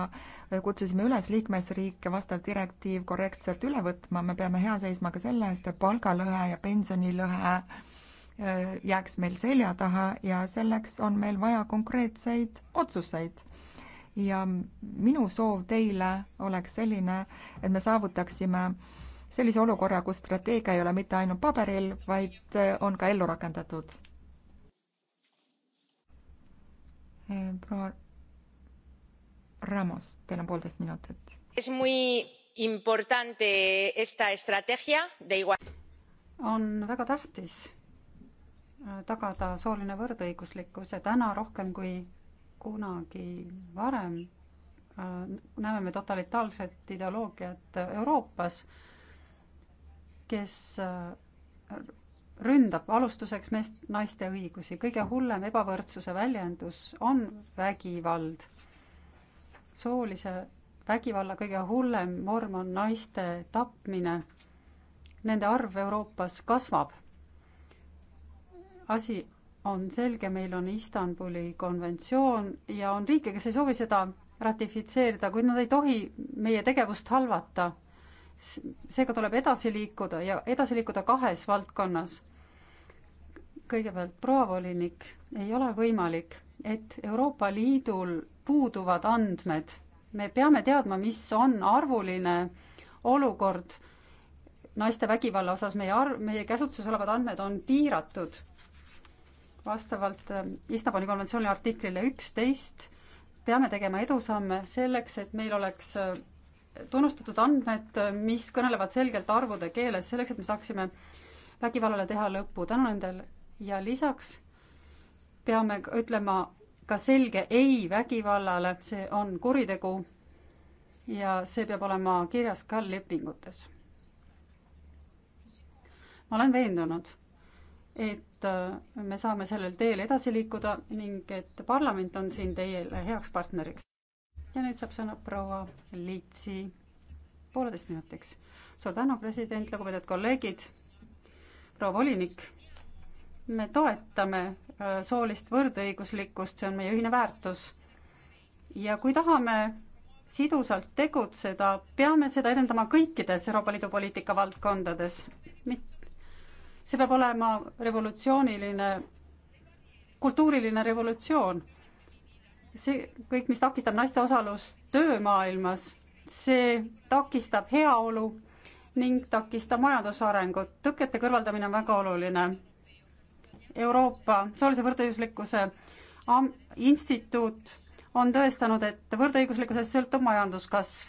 e, kutsusime üles liikmesriike vastav direktiiv korrektselt üle võtma, me peame hea seisma ka selle eest, et palgalõhe ja pensionilõhe jääks meil selja taha ja selleks on meil vaja konkreetseid otsuseid. ja minu soov teile oleks selline, et me saavutaksime sellise olukorra, kus strateegia ei ole mitte ainult paberil, vaid äh, on ka ellu rakendatud. Äh, proua Ramos, teil on poolteist minutit. on väga tähtis äh, tagada sooline võrdõiguslikkus ja täna rohkem kui kunagi varem näeme me totalitaarset ideoloogiat Euroopas kes äh, ründab alustuseks meest, naiste õigusi. kõige hullem ebavõrdsuse väljendus on vägivald. soolise vägivalla kõige hullem vorm on naiste tapmine. Nende arv Euroopas kasvab. asi on selge, meil on Istanbuli konventsioon ja on riike, kes ei soovi seda ratifitseerida, kuid nad ei tohi meie tegevust halvata seega tuleb edasi liikuda ja edasi liikuda kahes valdkonnas. kõigepealt, proua volinik, ei ole võimalik, et Euroopa Liidul puuduvad andmed. me peame teadma, mis on arvuline olukord naiste vägivalla osas, meie arv, meie käsutuses olevad andmed on piiratud. vastavalt äh, Istanbuli konventsiooni artiklile üksteist peame tegema edusamme selleks, et meil oleks äh, tunnustatud andmed, mis kõnelevad selgelt arvude keeles, selleks et me saaksime vägivallale teha lõpu tänu nendel ja lisaks peame ütlema ka selge ei vägivallale, see on kuritegu ja see peab olema kirjas ka lepingutes. ma olen veendunud, et äh, me saame sellel teel edasi liikuda ning et parlament on siin teile heaks partneriks ja nüüd saab sõna proua Litsi pooleteist minutiks. suur tänu, president, lugupeetud kolleegid, proua volinik, me toetame äh, soolist võrdõiguslikkust, see on meie ühine väärtus. ja kui tahame sidusalt tegutseda, peame seda edendama kõikides Euroopa Liidu poliitika valdkondades. see peab olema revolutsiooniline, kultuuriline revolutsioon see kõik, mis takistab naiste osalust töömaailmas, see takistab heaolu ning takistab majandusarengut. tõkete kõrvaldamine on väga oluline. Euroopa soolise võrdõiguslikkuse instituut on tõestanud, et võrdõiguslikkusest sõltub majanduskasv.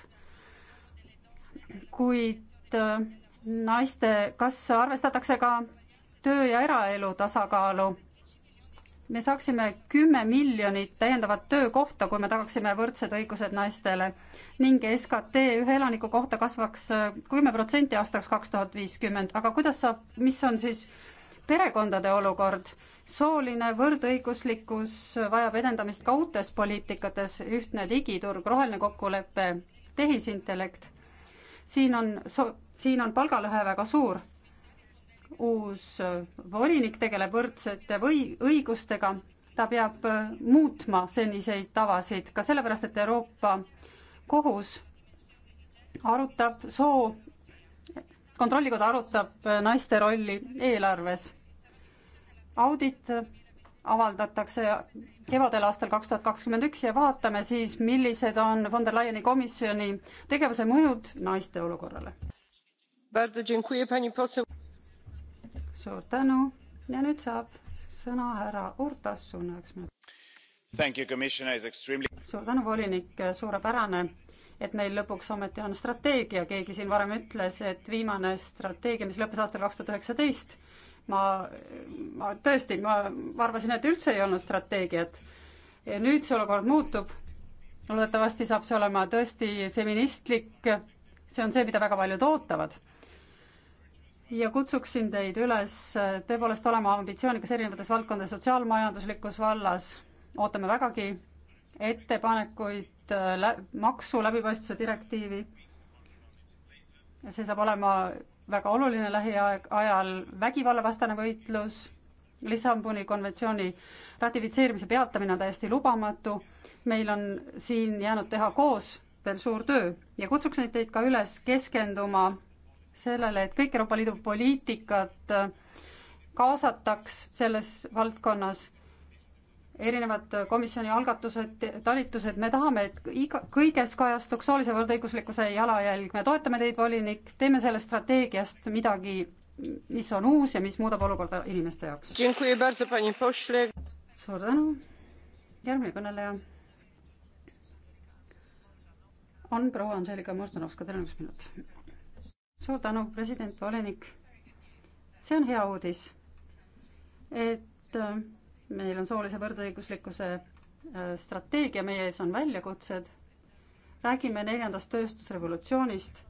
kuid äh, naiste, kas arvestatakse ka töö ja eraelu tasakaalu? me saaksime kümme miljonit täiendavat töökohta, kui me tagaksime võrdsed õigused naistele ning SKT ühe elaniku kohta kasvaks kümme protsenti aastaks kaks tuhat viiskümmend, aga kuidas saab, mis on siis perekondade olukord? sooline võrdõiguslikkus vajab edendamist ka uutes poliitikates, ühtne digiturg, roheline kokkulepe, tehisintellekt. siin on, siin on palgalõhe väga suur uus äh, volinik tegeleb võrdsete või õigustega, ta peab äh, muutma seniseid tavasid ka sellepärast, et Euroopa kohus arutab soo, kontrollikoda arutab äh, naiste rolli eelarves. audit avaldatakse kevadel aastal kaks tuhat kakskümmend üks ja vaatame siis, millised on von der Leyeni komisjoni tegevuse mõjud naiste olukorrale suur tänu ja nüüd saab sõna härra Urtasson üheks minutiks. suur tänu, volinik, suurepärane, et meil lõpuks ometi on strateegia, keegi siin varem ütles, et viimane strateegia, mis lõppes aastal kaks tuhat üheksateist, ma, ma tõesti, ma arvasin, et üldse ei olnud strateegiat. nüüd see olukord muutub. loodetavasti saab see olema tõesti feministlik. see on see, mida väga paljud ootavad ja kutsuksin teid üles tõepoolest olema ambitsioonikas erinevates valdkondades, sotsiaalmajanduslikus vallas ootame vägagi ettepanekuid äh, lä-, maksu läbipaistvuse direktiivi. see saab olema väga oluline lähiaeg, ajal vägivallavastane võitlus, Lissaboni konventsiooni ratifitseerimise peatamine on täiesti lubamatu, meil on siin jäänud teha koos veel suur töö ja kutsuksin teid ka üles keskenduma sellele, et kõik Euroopa Liidu poliitikad äh, kaasataks selles valdkonnas, erinevad komisjoni algatused, talitused, me tahame, et iga, kõiges kajastuks soolise võrdõiguslikkuse jalajälg, me toetame teid, volinik, teeme sellest strateegiast midagi, mis on uus ja mis muudab olukorda inimeste jaoks. suur tänu, järgmine kõneleja on proua Angelika Mostanovska, teil on üks minut suur tänu, president, volinik. see on hea uudis, et äh, meil on soolise võrdõiguslikkuse äh, strateegia, meie ees on väljakutsed. räägime neljandast tööstusrevolutsioonist,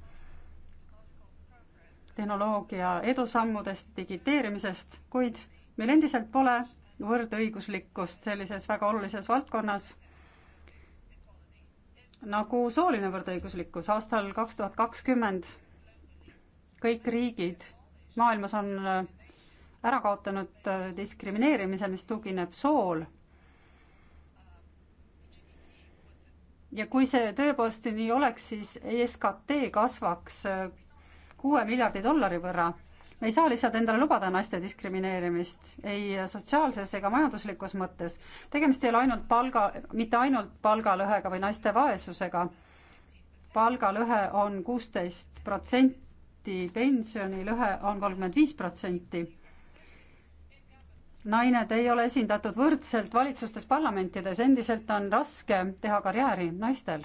tehnoloogia edusammudest, digiteerimisest, kuid meil endiselt pole võrdõiguslikkust sellises väga olulises valdkonnas nagu sooline võrdõiguslikkus aastal kaks tuhat kakskümmend kõik riigid maailmas on äh, ära kaotanud äh, diskrimineerimise, mis tugineb sool. ja kui see tõepoolest nii oleks, siis SKT kasvaks äh, kuue miljardi dollari võrra. me ei saa lihtsalt endale lubada naiste diskrimineerimist ei sotsiaalses ega majanduslikus mõttes. tegemist ei ole ainult palga, mitte ainult palgalõhega või naiste vaesusega. palgalõhe on kuusteist protsenti protsenti, pensionilõhe on kolmkümmend viis protsenti. nained ei ole esindatud võrdselt valitsustes, parlamentides, endiselt on raske teha karjääri naistel.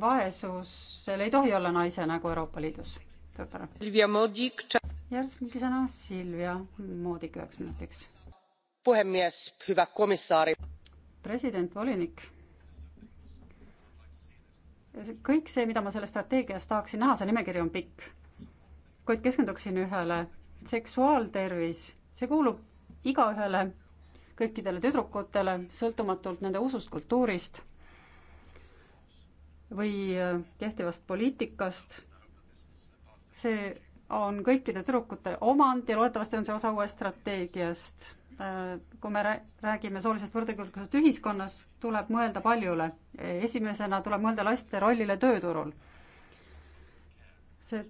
vaesusel ei tohi olla naise nägu Euroopa Liidus. suur tänu. järgmisena Silvia Moodik üheks minutiks. puhemees, hüva komissari. president, volinik kõik see, mida ma selles strateegias tahaksin näha, see nimekiri on pikk, kuid keskenduksin ühele. seksuaaltervis, see kuulub igaühele, kõikidele tüdrukutele, sõltumatult nende usust, kultuurist või äh, kehtivast poliitikast. see on kõikide tüdrukute omand ja loodetavasti on see osa uuest strateegiast Äh, kui me räägime soolisest võrdõiguslikkusest ühiskonnas, tuleb mõelda paljule. esimesena tuleb mõelda laste rollile tööturul. see,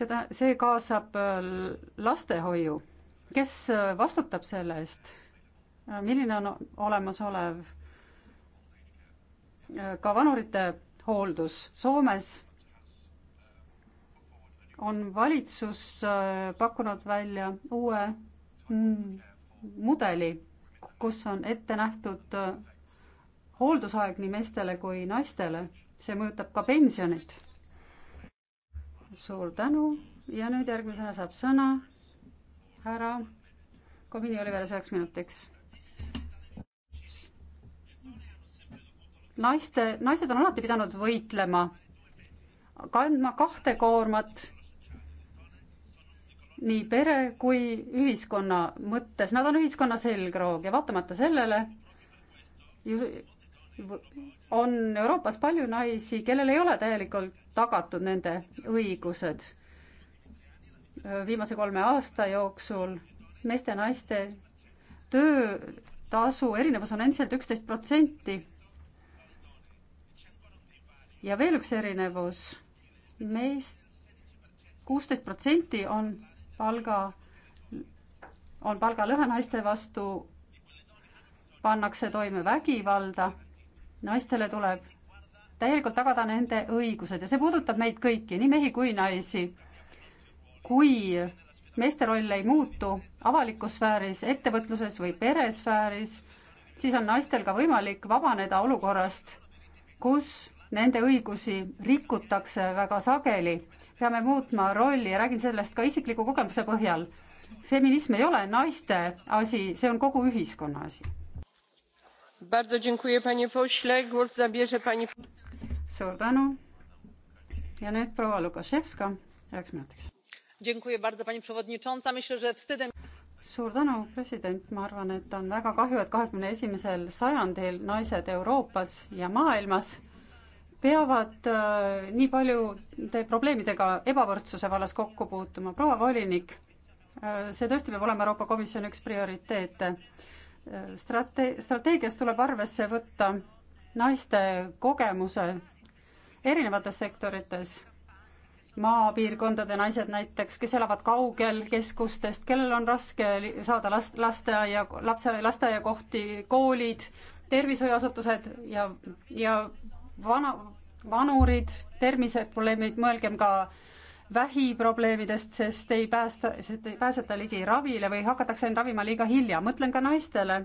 seda, see kaasab äh, lastehoiu. kes äh, vastutab selle eest? milline on olemasolev ka vanurite hooldus Soomes? on valitsus pakkunud välja uue mm, mudeli, kus on ette nähtud äh, hooldusaeg nii meestele kui naistele. see mõjutab ka pensionit. suur tänu ja nüüd järgmisena saab sõna härra Komini Oliveres üheks minutiks. naiste, naised on alati pidanud võitlema, kandma kahte koormat nii pere kui ühiskonna mõttes, nad on ühiskonna selgroog ja vaatamata sellele on Euroopas palju naisi, kellel ei ole täielikult tagatud nende õigused. viimase kolme aasta jooksul meeste ja naiste töötasu erinevus on endiselt üksteist protsenti. ja veel üks erinevus meist, meest kuusteist protsenti on palga, on palgalõhe naiste vastu, pannakse toime vägivalda, naistele tuleb täielikult tagada nende õigused ja see puudutab meid kõiki, nii mehi kui naisi. kui meeste roll ei muutu avalikus sfääris, ettevõtluses või peresfääris, siis on naistel ka võimalik vabaneda olukorrast, kus nende õigusi rikutakse väga sageli peame muutma rolli ja räägin sellest ka isikliku kogemuse põhjal. feminism ei ole naiste asi, see on kogu ühiskonna asi. suur tänu. ja nüüd proua Lukaševska üheks minutiks. suur tänu, president, ma arvan, et on väga kahju, et kahekümne esimesel sajandil naised Euroopas ja maailmas peavad äh, nii paljude probleemidega ebavõrdsuse vallas kokku puutuma. proua volinik äh,, see tõesti peab olema Euroopa Komisjoni üks prioriteete äh,. Strate-, strateegias tuleb arvesse võtta naiste kogemuse erinevates sektorites, maapiirkondade naised näiteks, kes elavad kaugel keskustest, kellel on raske saada last, lasteaia, lapse, lasteaiakohti, koolid, tervishoiuasutused ja, ja vana, vanurid, terviseprobleemid, mõelgem ka vähiprobleemidest, sest ei päästa, sest ei pääseta ligi ravile või hakatakse end ravima liiga hilja. mõtlen ka naistele,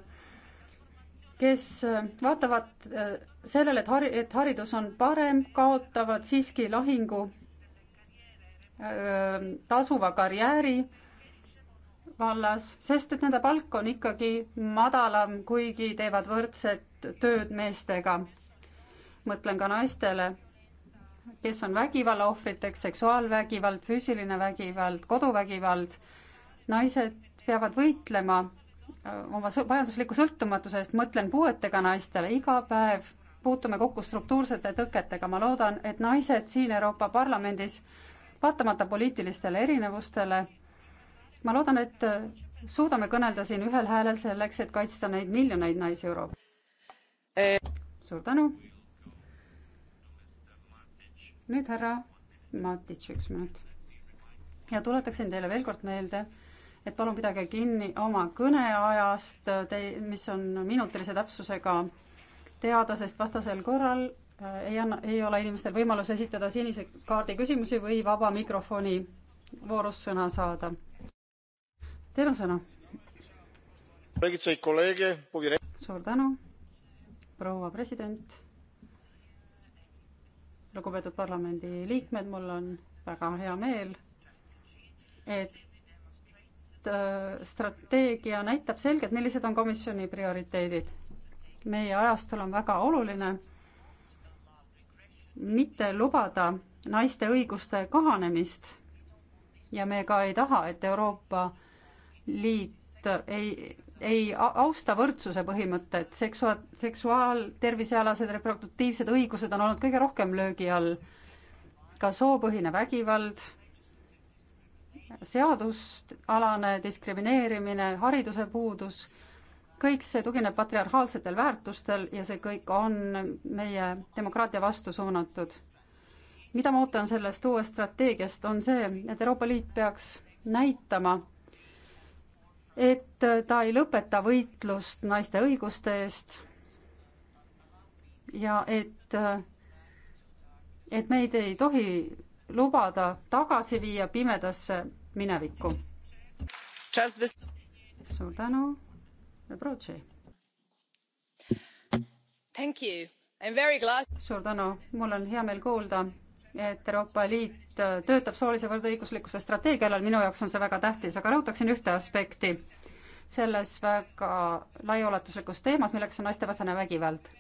kes äh, vaatavad äh, sellele, et hari-, et haridus on parem, kaotavad siiski lahingu öö, äh, tasuva karjääri vallas, sest et nende palk on ikkagi madalam, kuigi teevad võrdset tööd meestega mõtlen ka naistele, kes on vägivalla ohvriteks, seksuaalvägivald, füüsiline vägivald, koduvägivald. naised peavad võitlema äh, oma majandusliku sõltumatuse eest, mõtlen puuetega naistele iga päev, puutume kokku struktuursete tõketega, ma loodan, et naised siin Euroopa Parlamendis, vaatamata poliitilistele erinevustele, ma loodan, et äh, suudame kõnelda siin ühel häälel selleks, et kaitsta neid miljoneid naisi Euroopas. Äh. suur tänu! nüüd härra Matitš, üks minut. ja tuletaksin teile veel kord meelde, et palun pidage kinni oma kõneajast, te-, mis on minutilise täpsusega teada, sest vastasel korral äh, ei anna, ei ole inimestel võimalus esitada sinise kaardi küsimusi või vaba mikrofoni voorus sõna saada. Teil on sõna. suur tänu, proua president lugupeetud parlamendi liikmed, mul on väga hea meel, et äh, strateegia näitab selgelt, millised on komisjoni prioriteedid. meie ajastul on väga oluline mitte lubada naiste õiguste kahanemist ja me ka ei taha, et Euroopa Liit ei ei austa võrdsuse põhimõtet, seksua-, seksuaaltervisealased reproduktiivsed õigused on olnud kõige rohkem löögi all. ka soopõhine vägivald, seadustalane diskrimineerimine, hariduse puudus, kõik see tugineb patriarhaalsetel väärtustel ja see kõik on meie demokraatia vastu suunatud. mida ma ootan sellest uuest strateegiast, on see, et Euroopa Liit peaks näitama et ta ei lõpeta võitlust naiste õiguste eest ja et, et meid ei tohi lubada tagasi viia pimedasse minevikku. suur tänu, Broadway. suur tänu, mul on hea meel kuulda et Euroopa Liit töötab soolise võrdõiguslikkuse strateegia alal, minu jaoks on see väga tähtis, aga rõhutaksin ühte aspekti selles väga laiaulatuslikus teemas, milleks on naistevastane vägivald.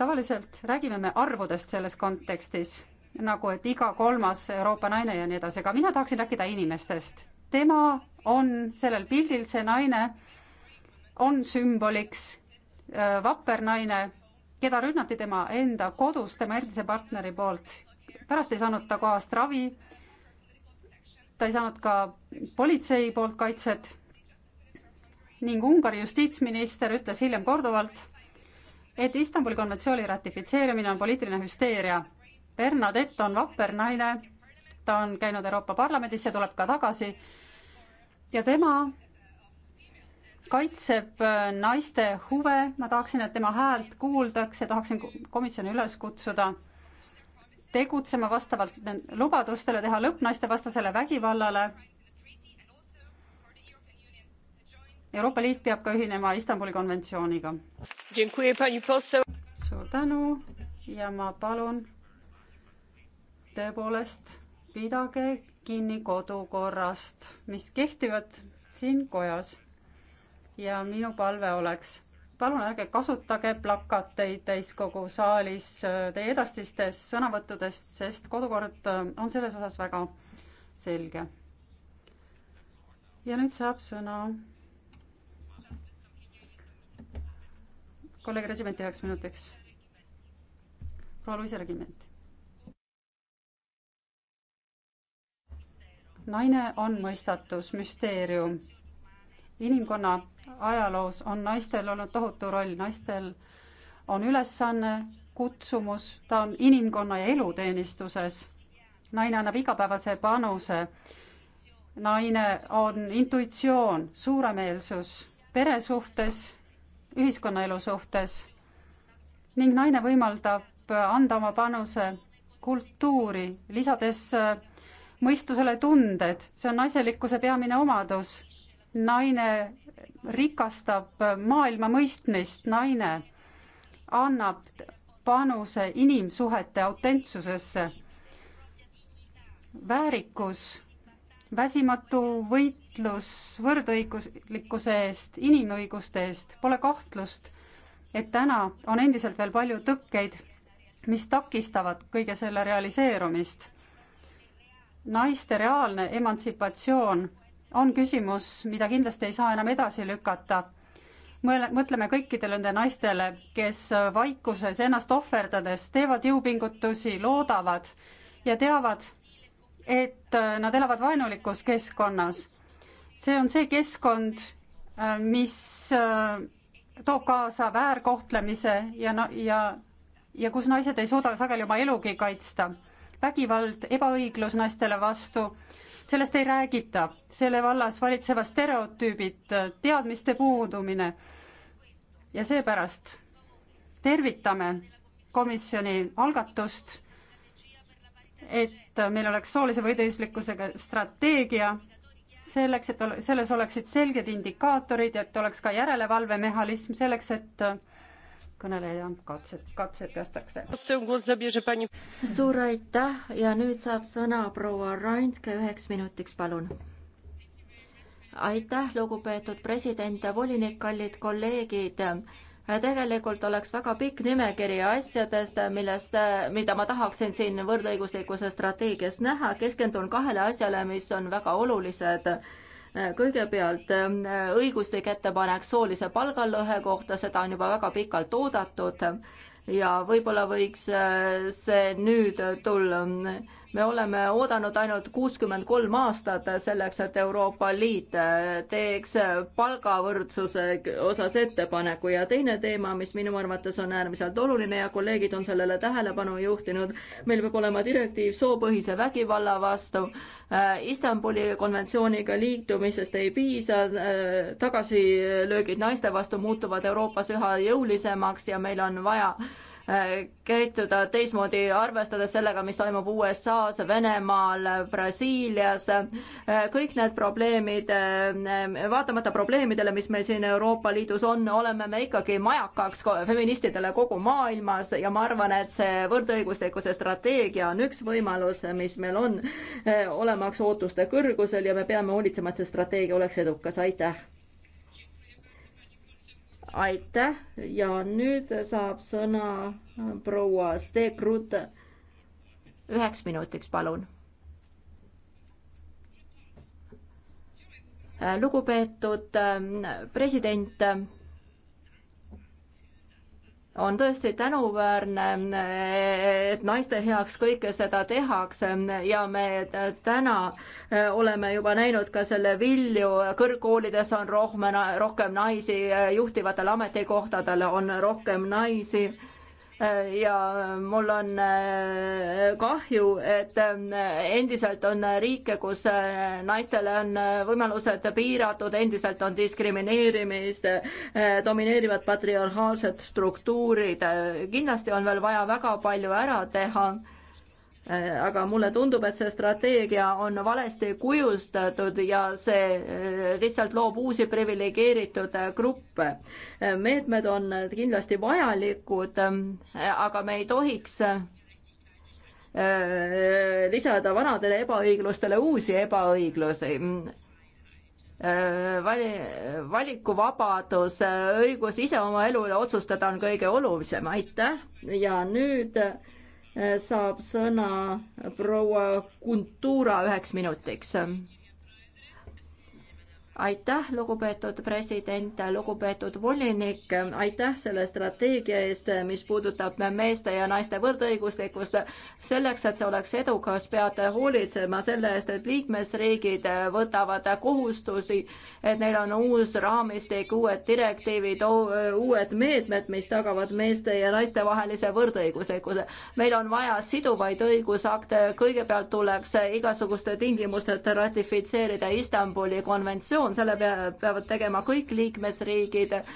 tavaliselt räägime me arvudest selles kontekstis, nagu et iga kolmas Euroopa naine ja nii edasi, aga mina tahaksin rääkida inimestest. tema on sellel pildil, see naine on sümboliks, äh, vapper naine, keda rünnati tema enda kodus tema endise partneri poolt pärast ei saanud ta kohast ravi, ta ei saanud ka politsei poolt kaitset ning Ungari justiitsminister ütles hiljem korduvalt, et Istanbuli konventsiooni ratifitseerimine on poliitiline hüsteeria. Bernadette on vapper naine, ta on käinud Euroopa Parlamendis ja tuleb ka tagasi ja tema kaitseb äh, naiste huve, ma tahaksin, et tema häält kuuldakse, tahaksin komisjoni üles kutsuda tegutsema vastavalt lubadustele teha lõpp naistevastasele vägivallale. Euroopa Liit peab ka ühinema Istanbuli konventsiooniga. suur tänu ja ma palun tõepoolest pidage kinni kodukorrast, mis kehtivad siin kojas. ja minu palve oleks palun ärge kasutage plakateid täiskogu saalis äh, teie edastistes sõnavõttudest, sest kodukord äh, on selles osas väga selge. ja nüüd saab sõna kolleeg Regiment üheks minutiks. proua Luise Regiment. naine on mõistatus, müsteerium. inimkonna ajaloos on naistel olnud tohutu roll, naistel on ülesanne, kutsumus, ta on inimkonna ja elu teenistuses. naine annab igapäevase panuse. naine on intuitsioon, suuremeelsus pere suhtes, ühiskonnaelu suhtes ning naine võimaldab anda oma panuse kultuuri, lisades mõistusele tunded, see on naiselikkuse peamine omadus naine rikastab maailma mõistmist, naine annab panuse inimsuhete autentsusesse. väärikus, väsimatu võitlus võrdõiguslikkuse eest, inimõiguste eest, pole kahtlust, et täna on endiselt veel palju tõkkeid, mis takistavad kõige selle realiseerumist. naiste reaalne emantsipatsioon on küsimus, mida kindlasti ei saa enam edasi lükata. mõtleme kõikidele nende naistele, kes vaikuses ennast ohverdades teevad jõupingutusi, loodavad ja teavad, et nad elavad vaenulikus keskkonnas. see on see keskkond, mis äh, toob kaasa väärkohtlemise ja no ja, ja kus naised ei suuda sageli oma elugi kaitsta. vägivald, ebaõiglus naistele vastu sellest ei räägita, selle vallas valitsevad stereotüübid, teadmiste puudumine. ja seepärast tervitame komisjoni algatust, et meil oleks soolise võideõiguslikkusega strateegia selleks, et selles oleksid selged indikaatorid ja et oleks ka järelevalvemehhanism selleks, et kõneleja katset, katsetastakse. suur aitäh ja nüüd saab sõna proua Randke üheks minutiks, palun. aitäh, lugupeetud president, volinik, kallid kolleegid tegelikult oleks väga pikk nimekiri asjadest, millest, mida ma tahaksin siin võrdõiguslikkuse strateegias näha, keskendun kahele asjale, mis on väga olulised Äh, kõigepealt äh, õiguslik ettepanek soolise palgalõhe kohta, seda on juba väga pikalt oodatud ja võib-olla võiks äh, see nüüd tulla mm, me oleme oodanud ainult kuuskümmend kolm aastat selleks, et Euroopa Liit äh, teeks äh, palgavõrdsuse osas ettepaneku ja teine teema, mis minu arvates on äärmiselt oluline ja kolleegid on sellele tähelepanu juhtinud, meil peab olema direktiiv soopõhise vägivalla vastu. Äh, Istanbuli konventsiooniga liitumisest ei piisa, tagasilöögid naiste vastu muutuvad Euroopas üha jõulisemaks ja meil on vaja Äh, käituda teistmoodi, arvestades sellega, mis toimub USA-s, Venemaal, Brasiilias. Äh, kõik need probleemid, äh, vaatamata probleemidele, mis meil siin Euroopa Liidus on, oleme me ikkagi majakaks feministidele kogu maailmas ja ma arvan, et see võrdõiguslikkuse strateegia on üks võimalus, mis meil on, olemaks ootuste kõrgusel ja me peame hoolitsema, et see strateegia oleks edukas, aitäh aitäh ja nüüd saab sõna äh, proua Stegrut. üheks minutiks, palun. Äh, lugupeetud äh, president on tõesti tänuväärne, et naiste heaks kõike seda tehakse ja me täna eh, oleme juba näinud ka selle vilju, kõrgkoolides on rohkem, rohkem naisi, juhtivatel ametikohtadel on rohkem naisi ja mul on äh, kahju, et äh, endiselt on äh, riike, kus naistele on võimalused piiratud, endiselt on diskrimineerimist, domineerivad patriarhaalsed struktuurid. kindlasti on veel vaja väga palju ära teha Äh, aga mulle tundub, et see strateegia on valesti kujustatud ja see äh, lihtsalt loob uusi priviligeeritud äh, gruppe. meetmed on kindlasti vajalikud, aga me ei tohiks lisada vanadele ebaõiglustele uusi ebaõiglusi vali, valikuvabadus, õigus ise oma elule otsustada on kõige olulisem, aitäh ja nüüd äh, saab sõna proua Kuntura üheks minutiks aitäh, lugupeetud president, lugupeetud volinik, aitäh selle strateegia eest, mis puudutab meeste ja naiste võrdõiguslikkust. selleks, et see oleks edukas, peate hoolitsema selle eest, et liikmesriigid võtavad kohustusi, et neil on uus raamistik, uued direktiivid, uued meetmed, mis tagavad meeste ja naiste vahelise võrdõiguslikkuse. meil on vaja siduvaid õigusakte, kõigepealt tuleks igasuguste tingimusteta ratifitseerida Istanbuli konventsioon, konventsioon, selle peavad tegema kõik liikmesriigid äh,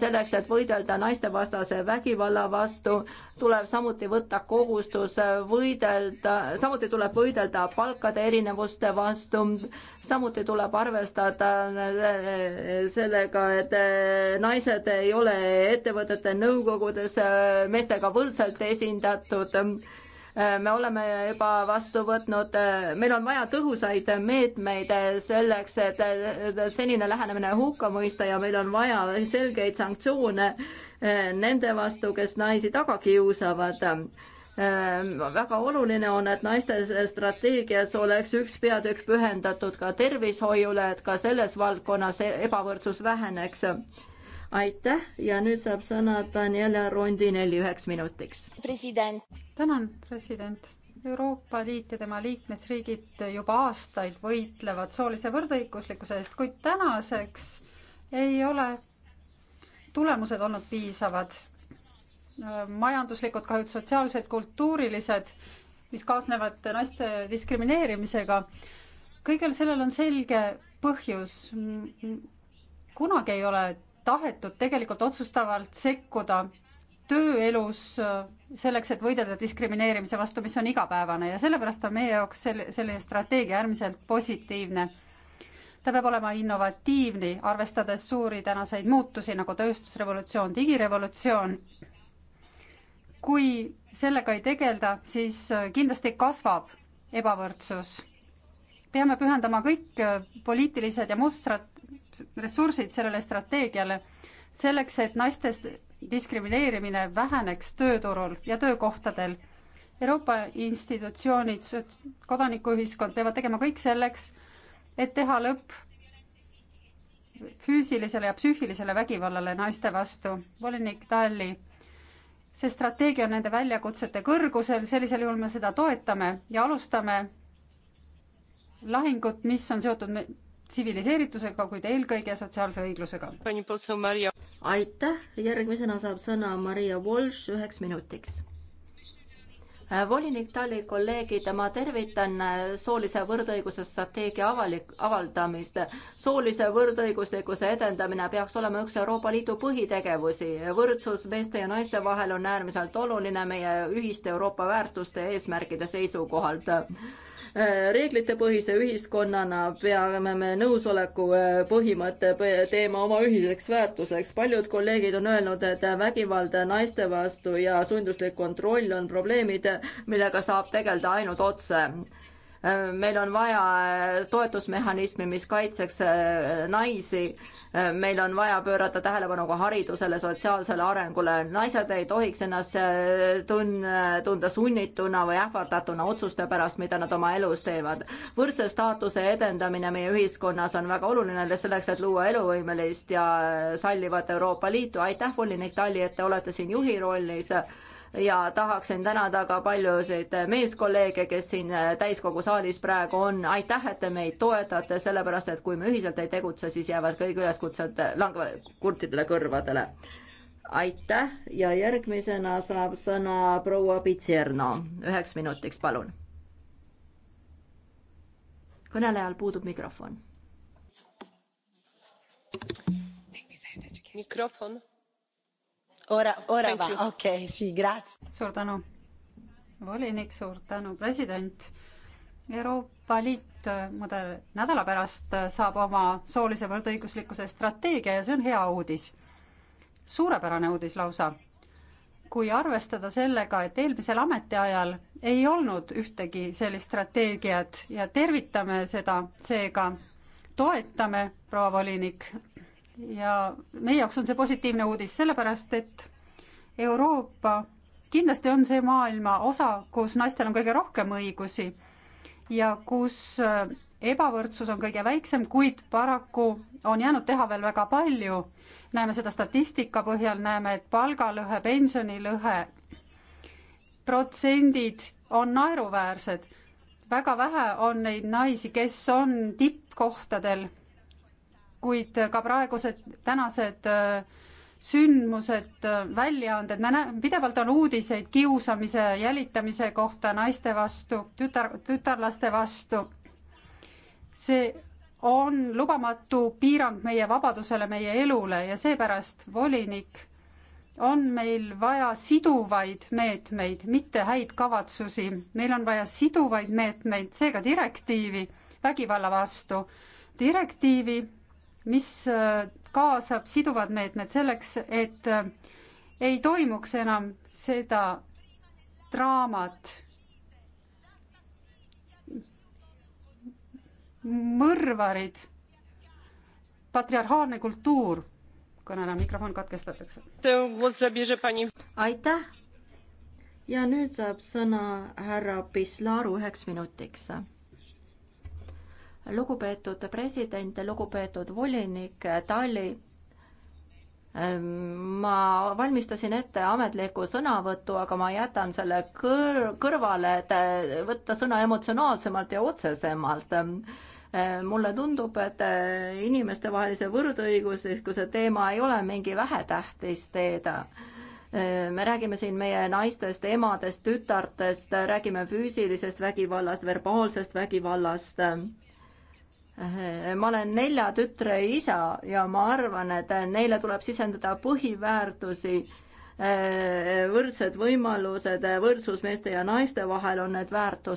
selleks, et võidelda naistevastase vägivalla vastu, tuleb samuti võtta kohustus äh, võidelda, samuti tuleb võidelda palkade erinevuste vastu, samuti tuleb arvestada äh, sellega, et naised ei ole ettevõtete nõukogudes meestega võrdselt esindatud Äh, me oleme juba vastu võtnud, äh, meil on vaja tõhusaid meetmeid äh, selleks, et senine lähenemine hukka mõista ja meil on vaja selgeid sanktsioone nende vastu, kes naisi taga kiusavad väga oluline on, et naiste strateegias oleks üks peatükk pühendatud ka tervishoiule, et ka selles valdkonnas ebavõrdsus väheneks aitäh ja nüüd saab sõna Daniela Rondinelli üheks minutiks. president. tänan, president. Euroopa Liit ja tema liikmesriigid juba aastaid võitlevad soolise võrdõiguslikkuse eest, kuid tänaseks ei ole tulemused olnud piisavad. majanduslikud kahjud, sotsiaalsed, kultuurilised, mis kaasnevad naiste diskrimineerimisega. kõigel sellel on selge põhjus. kunagi ei ole tahetud tegelikult otsustavalt sekkuda tööelus äh, selleks, et võidelda diskrimineerimise vastu, mis on igapäevane ja sellepärast on meie jaoks selle, selline strateegia äärmiselt positiivne. ta peab olema innovatiivne, arvestades suuri tänaseid muutusi nagu tööstusrevolutsioon, digirevolutsioon. kui sellega ei tegelda, siis äh, kindlasti kasvab ebavõrdsus. peame pühendama kõik äh, poliitilised ja mustrad ressursid sellele strateegiale selleks, et naistest diskrimineerimine väheneks tööturul ja töökohtadel. Euroopa institutsioonid, kodanikuühiskond peavad tegema kõik selleks, et teha lõpp füüsilisele ja psüühilisele vägivallale naiste vastu. volinik Talli, see strateegia on nende väljakutsete kõrgusel, sellisel juhul me seda toetame ja alustame lahingut, mis on seotud tsiviliseeritusega, kuid eelkõige sotsiaalse õiglusega. aitäh, järgmisena saab sõna Maria Walsh üheks minutiks äh, volinik Tali kolleegid, ma tervitan äh, soolise võrdõiguse strateegia avalik, avaldamist. soolise võrdõiguslikkuse edendamine peaks olema üks Euroopa Liidu põhitegevusi. võrdsus meeste ja naiste vahel on äärmiselt oluline meie ühiste Euroopa väärtuste eesmärkide seisukohalt Äh, reeglitepõhise ühiskonnana peame me nõusoleku äh, põhimõtte teema oma ühiseks väärtuseks. paljud kolleegid on öelnud, et vägivald naiste vastu ja sunduslik kontroll on probleemid, millega saab tegeleda ainult otse meil on vaja äh, toetusmehhanismi, mis kaitseks äh, naisi, äh, meil on vaja pöörata tähelepanu ka haridusele, sotsiaalsele arengule, naised ei tohiks ennast tun-, tunda sunnituna või ähvardatuna otsuste pärast, mida nad oma elus teevad. võrdse staatuse edendamine meie ühiskonnas on väga oluline selleks, et luua eluvõimelist ja sallivat Euroopa Liitu, aitäh, volinik Tali, et te olete siin juhi rollis ja tahaksin tänada ka paljusid meeskolleege, kes siin täiskogu saalis praegu on. aitäh, et te meid toetate, sellepärast et kui me ühiselt ei tegutse, siis jäävad kõik üleskutsed langevad kurtidele kõrvadele. aitäh ja järgmisena saab sõna proua Pitserno. üheks minutiks, palun. kõnelejal puudub mikrofon. mikrofon okei, siigrat. suur tänu, volinik, suur tänu, president. Euroopa Liit eh, mõne nädala pärast eh, saab oma soolise võrdõiguslikkuse strateegia ja see on hea uudis. suurepärane uudis lausa. kui arvestada sellega, et eelmisel ametiajal ei olnud ühtegi sellist strateegiat ja tervitame seda, seega toetame, proua volinik, ja meie jaoks on see positiivne uudis, sellepärast et Euroopa kindlasti on see maailma osa, kus naistel on kõige rohkem õigusi ja kus äh, ebavõrdsus on kõige väiksem, kuid paraku on jäänud teha veel väga palju. näeme seda statistika põhjal, näeme, et palgalõhe, pensionilõhe protsendid on naeruväärsed. väga vähe on neid naisi, kes on tippkohtadel kuid ka praegused, tänased äh, sündmused, äh, väljaanded, me näeme, pidevalt on uudiseid kiusamise, jälitamise kohta naiste vastu, tütar, tütarlaste vastu. see on lubamatu piirang meie vabadusele, meie elule ja seepärast volinik on meil vaja siduvaid meetmeid, mitte häid kavatsusi. meil on vaja siduvaid meetmeid, seega direktiivi vägivalla vastu, direktiivi mis äh, kaasab siduvad meetmed selleks, et äh, ei toimuks enam seda draamat, mõrvarid, patriarhaalne kultuur, kõneleja mikrofon katkestatakse. aitäh. ja nüüd saab sõna härra Pislaru üheks minutiks lugupeetud president, lugupeetud volinik äh, Tali ähm, ma valmistasin ette ametliku sõnavõtu, aga ma jätan selle kõr-, kõrvale, et äh, võtta sõna emotsionaalsemalt ja otsesemalt. Ähm, äh, mulle tundub, et inimestevahelise võrdõiguslikkuse teema ei ole mingi vähetähtis teeda me räägime siin meie naistest, emadest, tütartest, räägime füüsilisest vägivallast, verbaalsest vägivallast Äh, ma olen nelja tütre isa ja ma arvan, et neile tuleb sisendada põhiväärtusi, äh, võrdsed võimalused, võrdsus meeste ja naiste vahel on need väärtused.